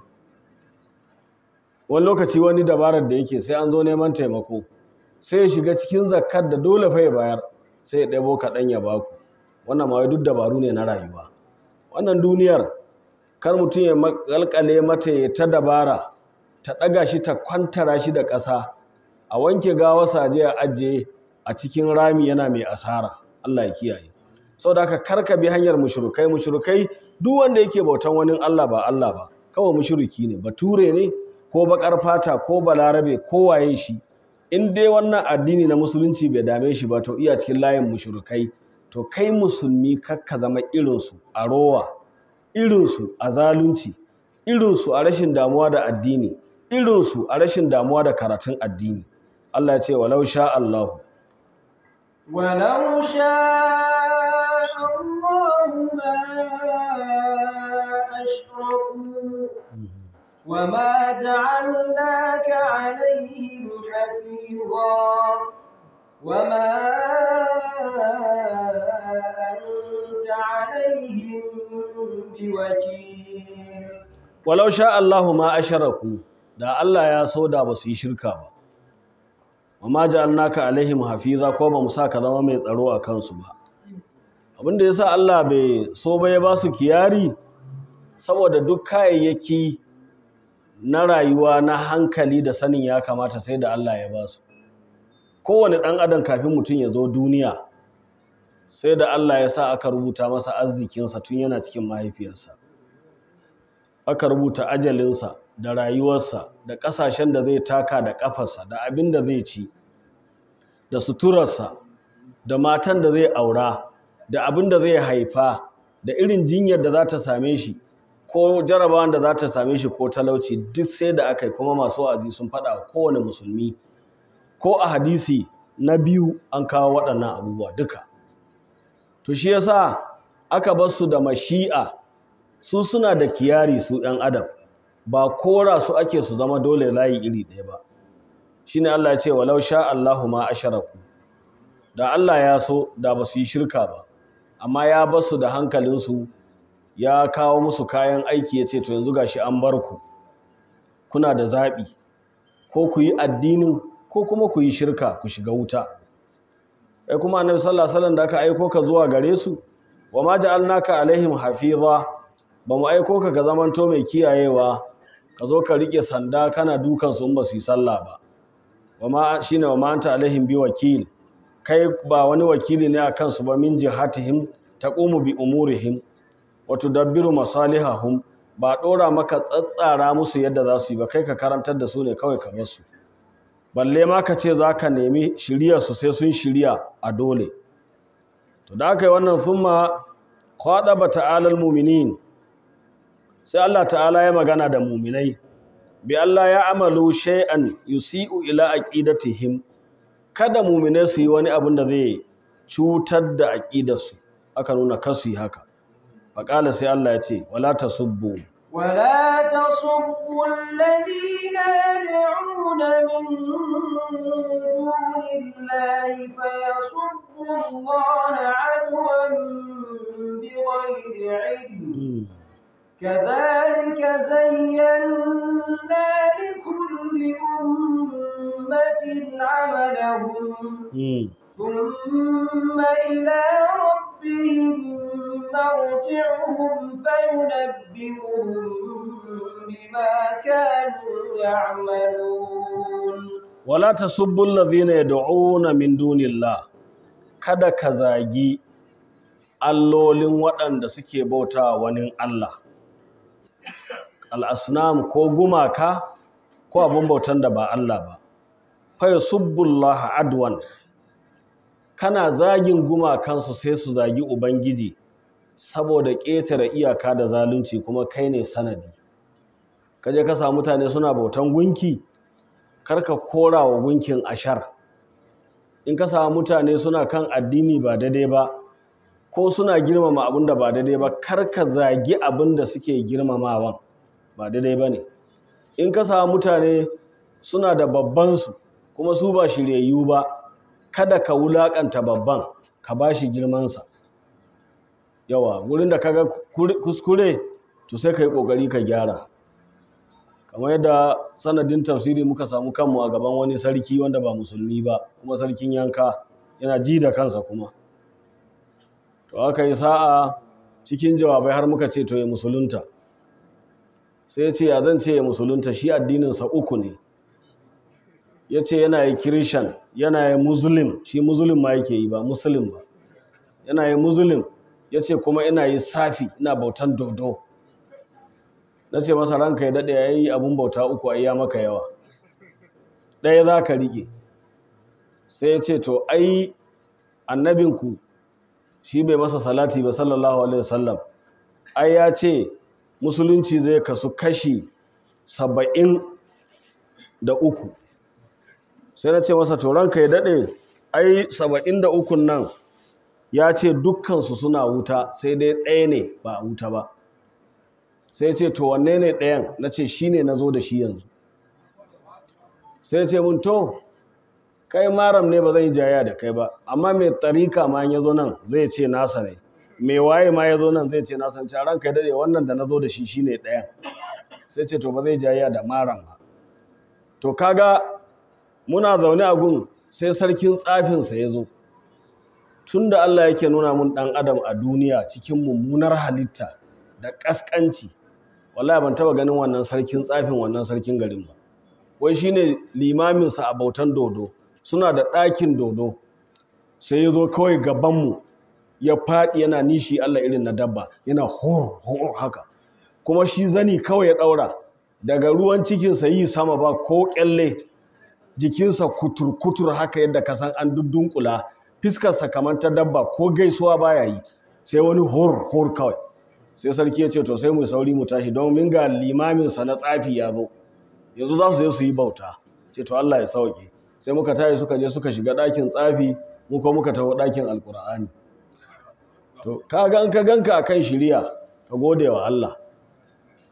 wani lokaci wani dabarar da yake sai an zo neman taimako sai ya shiga cikin zakkar da dole fa ya bayar sai ya ɗabo kaɗan ya baku wannan ma duk dabaru ne na rayuwa wannan duniyar kar mutum ya makalkale mata ya ta dabara ta ɗaga shi ta kwantara shi da ƙasa a wanke gawa saje a ajiye a cikin rami yana mai asara Allah ya kiyaye sau haka kar ka bi hanyar mushrikai mushrikai duk wanda yake bautan wani Allah ba Allah ba kawai mushriki ne bature ne ko bakar fata ko balarabe ko waye shi in dai wannan addini na musulunci bai dame shi ba to iya cikin layin mushrikai to kai musulmi kakka zama irinsu a rowa irinsu a zalunci irinsu a rashin damuwa da addini irinsu a rashin damuwa da karatun addini Allah ya ce walau sha Allah walau sha Allah ma wa حفيظا وما أنت عليهم بوكيل ولو da Allah ya so da ba su yi shirka ba amma ja'alnaka alaihim hafiza ko ba mu sa ka zama mai tsaro a kansu ba abinda sa Allah bai so ba ya ba su kiyari saboda duk kayayyaki na rayuwa na hankali da sanin ya kamata sai da Allah ya ba su kowane ɗan adam kafin mutum ya zo duniya sai da Allah ya sa aka rubuta masa arzikinsa tun yana cikin mahaifiyarsa aka rubuta ajalinsa da rayuwarsa da ƙasashen da zai taka da ƙafarsa da abin da zai ci da suturarsa da matan da zai aura da abin da zai haifa da irin jinyar da za ta same shi ko jarabawan da za ta same shi ko talauci duk sai da aka yi kuma masu wa'azi sun faɗa kowane musulmi ko a hadisi na biyu an kawo waɗannan abubuwa duka to shi yasa aka bar su da mashi'a su suna da kiyari su ‘yan adam ba kora su ake su zama dole layi iri ɗaya ba shi ne Allah ce walau sha Allahu ma asharaku da Allah ya so da ba su yi shirka ba amma ya bar su da hankalinsu ya kawo musu kayan aiki ya ce to yanzu gashi an bar ku kuna da zaɓi ko ku yi addinin ko kuma ku yi shirka ku shiga wuta ai kuma annabi sallallahu alaihi wasallam da aka aiko ka zuwa gare su wa ma ja'alnaka alaihim hafiza ba mu aiko ka zaman zamanto mai kiyayewa ka zo ka rike sanda kana dukan su in ba su yi sallah ba wa ma shine wa ma anta alaihim bi wakil kai ba wani wakili ne akan su ba min jihatihim taqumu bi umurihim wato dabbiru masalihahum ba ɗora maka tsatsara musu yadda za su yi ba kai ka karantar da su ne kawai ka su balle ma ka ce za ka nemi shiryarsu sai sun shirya a dole to da aka yi wannan summa kwaɗa ba ta'alal muminin sai Allah ta'ala ya magana da muminai bi Allah ya amalu shay'an yusi'u ila aqidatihim kada muminai su yi wani abin da zai cutar da aqidarsu aka nuna kasu yi haka faƙala sai Allah ya ce wala ta subbu wala ta subbu alladina yad'una min dunillahi fa yasubbu Allah adwan bi ghayri كذلك زينا لكل أمة عملهم ثم إلى رب ربهم مرجعهم فينبئهم بما كانوا يعملون ولا تسبوا الذين يدعون من دون الله kada ka zagi allolin waɗanda suke bauta wani Allah Al'asunan ko gumaka ko abin bautan da ba Allah ba fa yasubbullaha adwan kana zagin gumakansu sai su zagi ubangiji saboda ƙetare iyaka da zalunci kuma kai ne sanadi kaje ka samu mutane suna bautan gunki karka kora wa gunkin ashar in ka samu mutane suna kan addini ba daidai ba ko suna girmama abin da ba daidai ba karka zagi abin da suke girmamawan ba daidai ba ne in ka samu mutane suna da babbansu kuma su ba shiryayyu ba kada ka wulaƙanta babban ka ba shi sa. yawa wurin da kaga kuskure to sai ka yi ƙoƙari ka gyara kamar yadda sanadin tafsiri muka samu kanmu a gaban wani sarki wanda ba musulmi ba kuma sarkin yanka yana ji da kansa kuma to aka yi sa'a cikin jawabai har muka ce to ya musulunta sai ya ce ya zan ce ya musulunta shi addininsa uku ne ya ce yana yi kirishan yana yi musulun shi musulun ma yake yi ba musulun ba yana yi musulun ya ce kuma ina yi safi ina bautan dodo na ce masa ranka ya daɗe ya yi abin bauta uku a iya maka yawa ɗaya za ka riƙe sai ya ce to ai annabinku shi bai masa salati ba sallallahu alaihi wasallam ai ya ce musulunci zai kasu kashi saba'in da uku sai na ce masa to ranka ya daɗe ai saba'in da ukun nan ya ce dukkansu suna wuta sai dai ɗaya ne ba a wuta ba sai ce to wanne ne ɗayan na ce shi ne na zo da shi yanzu sai ce mun to kai maram ne ba zan yi jaya da kai ba amma mai tarika ma ya zo nan zai ce nasa ne mai waye ma ya zo nan zai ce nasa ne ranka ya daɗe wannan da na zo da shi shi ne ɗayan sai ce to ba zai jaya da maram ba to kaga muna zaune a gun sai sarkin tsafinsa ya zo Tunda da Allah yake nuna mun ɗan adam a duniya cikin mummunar halitta da ƙasƙanci wallahi ban taɓa ganin wannan sarkin tsafin wannan sarkin garin ba wai shine limaminsa a bautan dodo suna da ɗakin dodo sai ya zo kawai gabanmu ya faɗi yana nishi Allah irin na dabba yana hor hor haka kuma shi zani kawai ya ɗaura daga ruwan cikinsa yi sama ba ko ƙyalle jikinsa kutur-kutur haka yadda ka san an dundunkula fiskarsa kamar ta dabba ko gaisuwa baya yi sai wani hor hor kawai sai sarki ya ce to sai mu sauri mu tashi don min ga limaminsa na tsafi ya zo yanzu za su je su yi bauta ce to Allah ya sauke sai muka tashi suka je suka shiga ɗakin tsafi mu kuma muka taho ɗakin alkur'ani to ka gan ka ganka akan shiriya ka gode wa Allah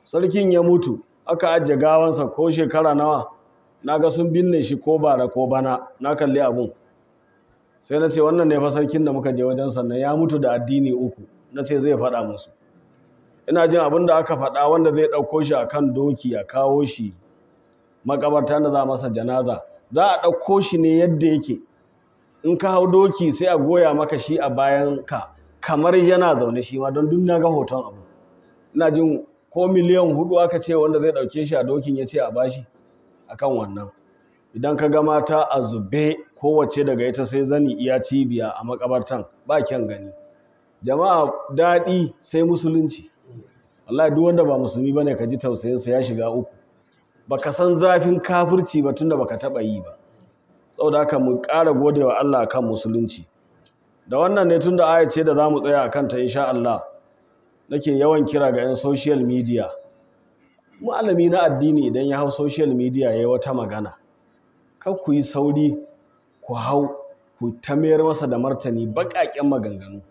sarkin ya mutu aka ajiye gawansa ko shekara nawa na ga sun binne shi ko bara ko bana na kalli abun sai na ce wannan ne fa sarkin da muka je wajen sannan ya mutu da addini uku na ce zai faɗa musu ina jin abin da aka faɗa wanda zai ɗauko shi a kan doki a kawo shi makabarta da za masa janaza za a ɗauko shi ne yadda yake in ka hau doki sai a goya maka shi a bayan ka kamar yana zaune shi ma don duniya ga hoton abu ina jin ko miliyan hudu aka ce wanda zai ɗauke shi a dokin ya ce a bashi akan wannan idan ka ga mata a zube kowace daga ita sai zani iya cibiya a makabartan ba kyan gani jama'a daɗi sai musulunci Allah duk wanda ba musulmi bane ka ji tausayin sa ya shiga uku baka san zafin kafirci ba tunda baka taɓa yi ba saboda haka mu ƙara godewa Allah kan musulunci da wannan ne tunda aya da za mu tsaya a kanta insha Allah nake yawan kira ga 'yan social media malami na addini idan ya hau social media ya yi wata magana kar ku yi sauri ku hau ku ta mayar masa da martani baƙaƙen maganganu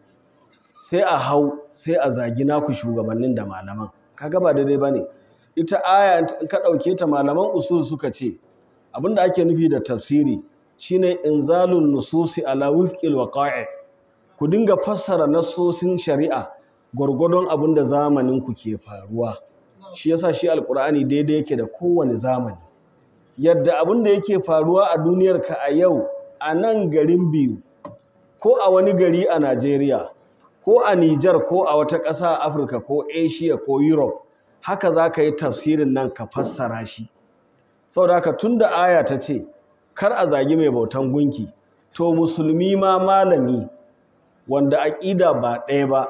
sai a hau sai a zagi naku shugabannin da malaman kaga ba daidai ba ne ita aya in ka ɗauke ta malaman usul suka ce abin da ake nufi da tafsiri shine inzalun nususi ala wifqil waqa'i ku dinga fassara nasosin shari'a gwargwadon abin da zamanin ku ke faruwa shi yasa shi alkur'ani daidai yake da kowane zamani yadda abin da yake faruwa a duniyar ka a yau a nan garin biyu ko a wani gari a najeriya ko a Niger, ko a wata ƙasa a afirka ko asia ko europe haka za ka yi tafsirin nan ka fassara shi saboda haka tun da aya ta ce kar a zagi mai bautan gunki to musulmi ma malami wanda aƙida ba ɗaya ba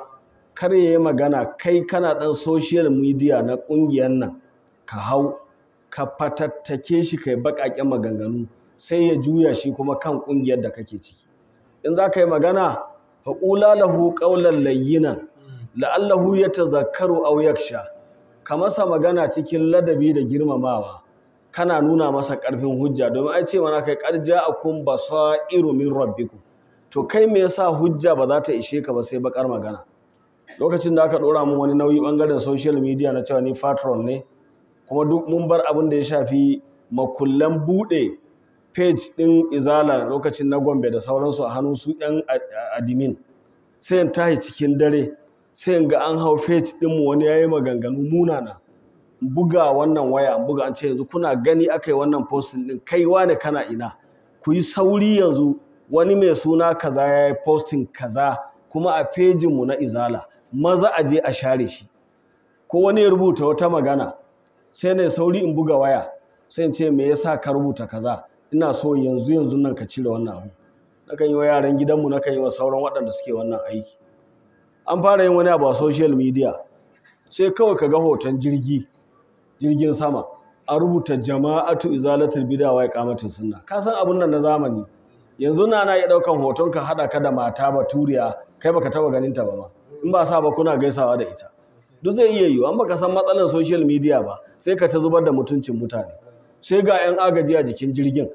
kar ya yi magana kai kana ɗan social media na ƙungiyar nan ka hau ka fatattake shi kai baƙaƙen maganganu sai ya juya shi kuma kan ƙungiyar da kake ciki in za ka yi magana faƙula lahu ƙaunar layyinan la'allahu ya Zakaru aw yaksha ka masa magana cikin ladabi da girmamawa kana nuna masa ƙarfin hujja domin ai ce mana kai qad ja'akum basairu min rabbiku to kai me yasa hujja ba za ta ishe ka ba sai baƙar magana lokacin da aka ɗora mun wani nauyi ɓangaren social media na cewa ni patron ne kuma duk mun bar abin da ya shafi makullan bude page din izala lokacin na gombe da sauransu a hannun su yan admin sai in tahi cikin dare sai in ga an hau page mu wani ya yi maganganu munana buga wannan waya buga an ce yanzu kuna gani aka yi wannan postin din kai wane kana ina ku yi sauri yanzu wani mai suna kaza ya yi postin kaza kuma a fejinmu na izala maza a je a share shi ko wani ya rubuta wata magana sai na sauri in buga waya sai in ce me yasa ka rubuta kaza ina so yanzu yanzu nan ka cire wannan abu nakan yi wa yaran gidanmu nakan yi wa sauran waɗanda suke wannan aiki an fara yin wani abu a social media sai kawai ka ga hoton jirgi jirgin sama a rubuta jama'atu izalatul bid'a wa iqamatus sunna ka san abun nan na zamani yanzu nana ya iya daukan hoton ka haɗa ka da mata baturiya kai baka taba ganin ta ba ma in ba sa ba kuna gaisawa da ita duk zai iya yiwu an baka san matsalar social media ba sai ka ta zubar da mutuncin mutane sai ga 'yan agaji a jikin jirgin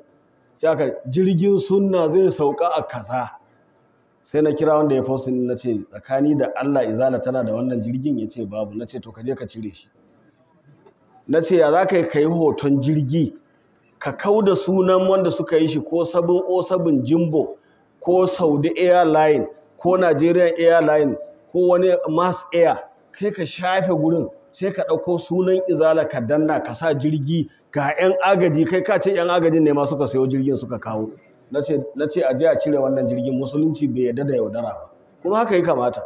sai aka jirgin sunna zai sauka a kaza sai na kira wanda ya fosin na ce tsakani da Allah izala tana da wannan jirgin ya ce babu na ce to ka je ka cire shi na ce ya za ka yi ka hoton jirgi ka kau da sunan wanda suka yi shi ko sabin o jimbo ko saudi airline ko nigerian airline ko wani mass air kai ka shafe gurin sai ka ɗauko sunan izala ka danna ka sa jirgi ga 'yan agaji kai ka ce 'yan agajin ne ma suka sayo jirgin suka kawo na ce a je a cire wannan jirgin musulunci bai yarda da yaudara ba kuma haka yi kamata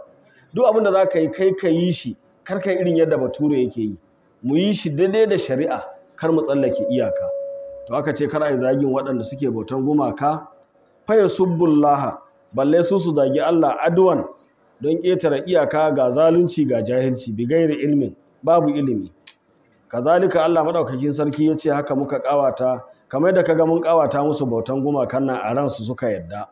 duk abin da za ka yi kai ka yi shi kar ka irin yadda bature yake yi mu yi shi daidai da shari'a kar mu tsallake iyaka to aka ce kar a yi zagin waɗanda suke bautan gumaka faya subbullaha balle su su zagi Allah adwan don ƙetare iyaka ga zalunci ga jahilci bi gairi ilmin babu ilimi kazalika Allah madaukakin sarki ya ce haka muka kawata kamar da kaga mun kawata musu bautan gumakan nan a ransu suka yadda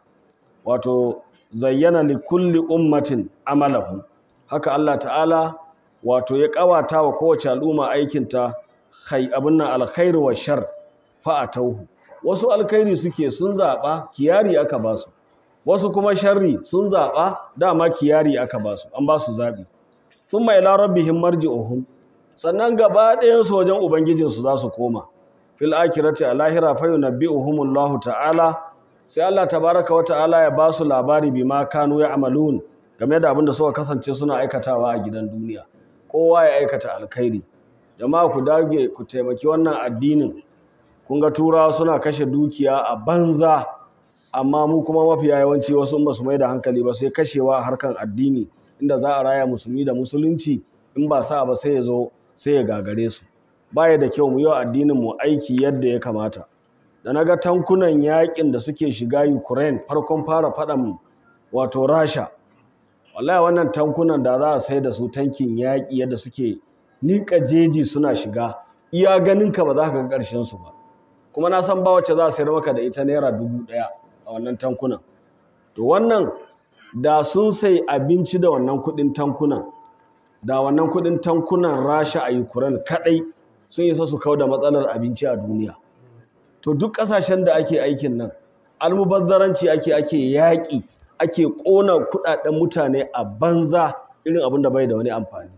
wato zayyana li kulli ummatin amalahu haka Allah ta'ala wato ya kawata wa kowace al'umma aikin ta kai abun nan alkhairu wa shar fa atauhu wasu alkhairi suke sun zaba kiyari aka basu wasu kuma sharri sun zaɓa dama kiyari aka ba su an ba su zaɓi sun mai larabbihin marji'uhum sannan gaba ɗayansu wajen su za su koma fil akirati a lahira fayu na ta'ala sai Allah tabaraka wa ta'ala ya ba su labari bi ma kanu ya amalun game da abin da suka kasance suna aikatawa a gidan duniya kowa ya aikata alkhairi jama'a ku dage ku taimaki wannan addinin kun ga turawa suna kashe dukiya a banza amma mu kuma mafiya yawanci wasu ba mai da hankali ba sai kashewa harkan addini inda za a raya musulmi da musulunci in ba sa ba sai ya zo sai ya gagare su baya da kyau mu yi addinin mu aiki yadda ya kamata da na ga tankunan yaƙin da suke shiga Ukraine farkon fara faɗan wato Rasha wallahi wannan tankunan da za a sai da su tankin yaƙi yadda suke niƙa jeji suna shiga iya ganinka ba za ka ga ƙarshen su ba kuma na san ba wacce za a sayar maka da ita naira dubu ɗaya a wannan tankunan to wannan da sun sai abinci da wannan kuɗin tankunan da wannan kuɗin tankunan rasha a ukraine kaɗai sun yi su kau da matsalar abinci a duniya to duk ƙasashen da ake aikin nan almubazzaranci ake ake yaƙi ake ƙona kuɗaɗen mutane a banza irin abin da bai da wani amfani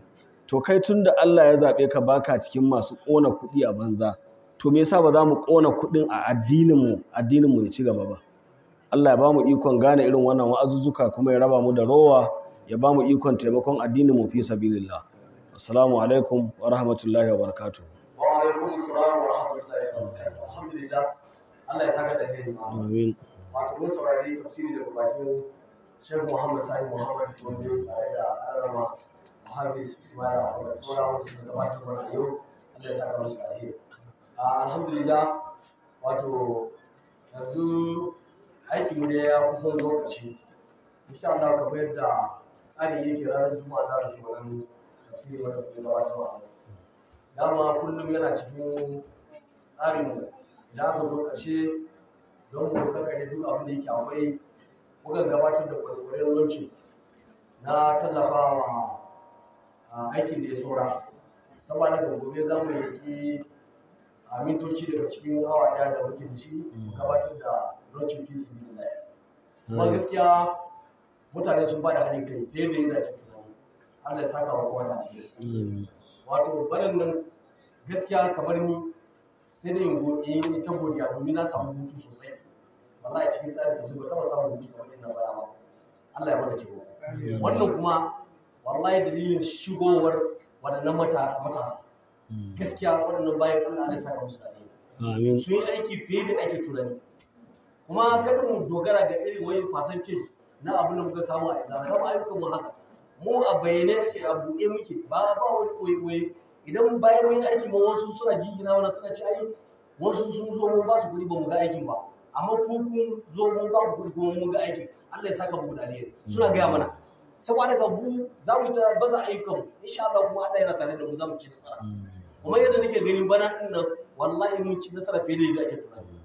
to kai tun da Allah ya zaɓe ka baka cikin masu ƙona kuɗi a banza to me yasa ba za mu ƙona kuɗin a addinin addininmu addininmu ya ci gaba ba Allah ya ba mu ikon gane irin wannan wa'azuzzuka kuma ya raba mu da rowa ya ba mu ikon taimakon addinin mu fi sabilillah assalamu alaikum wa rahmatullahi wa barakatuh wa alaikum assalam wa rahmatullahi wa barakatuh alhamdulillah Allah ya saka da hidima amin wato mun saurari tafsiri daga bakin Sheikh Muhammad Sani Muhammad Tunde tare da Arama Hafiz Ismail Ahmad Tora wanda suka gabatar yau Allah ya saka masa alheri ah, alhamdulillah wato yanzu aikin mu ya kusa lokaci insha Allah kamar yadda tsari yake ranar juma'a za a ji wannan tafsiri wanda ke gabatarwa dama kullum yana cikin tsarin mu idan aka zo don mu ne duk abin da yake akwai mukan gabatar da kwarekwaren wanci na tallafawa aikin da ya saura saboda da gobe za mu yaki a mintoci daga cikin awa ɗaya da muke da shi gabatar da rajin fi su ne kuma gaskiya mutane sun ba da kai fiye da yadda ake Allah ya saka wa kowa da hmm. wato barin nan gaskiya kamar ni sai dai eh, in ta godiya domin na samu hutu sosai cikin tsarin ba taɓa samun hutu kamar bara ba Allah ya wannan kuma wallahi dalilin shigowar waɗannan matasa hmm. gaskiya waɗannan bayan Allah ya saka musu da yi aiki fiye da ake tunani kuma kada mu dogara ga irin wani percentage na abin da muka samu a izana raba ayyukan mu haka mu a bayyane ake a buɗe muke ba ba wani koyi-koyi idan bayan mun aiki ma wasu suna jinjina wani suna ci ai wasu sun zo mun ba su kuɗi ba mu ga aikin ba amma ku kun zo mun ba ku kuɗi kuma mun ga aikin Allah ya saka mu da alheri suna gaya mana saboda ka mu za mu ta baza ayyukan mu insha Allah kuma Allah yana tare da mu za mu ci nasara kuma yadda nake ganin bana ɗin nan wallahi mun ci nasara fiye da yadda ake tunani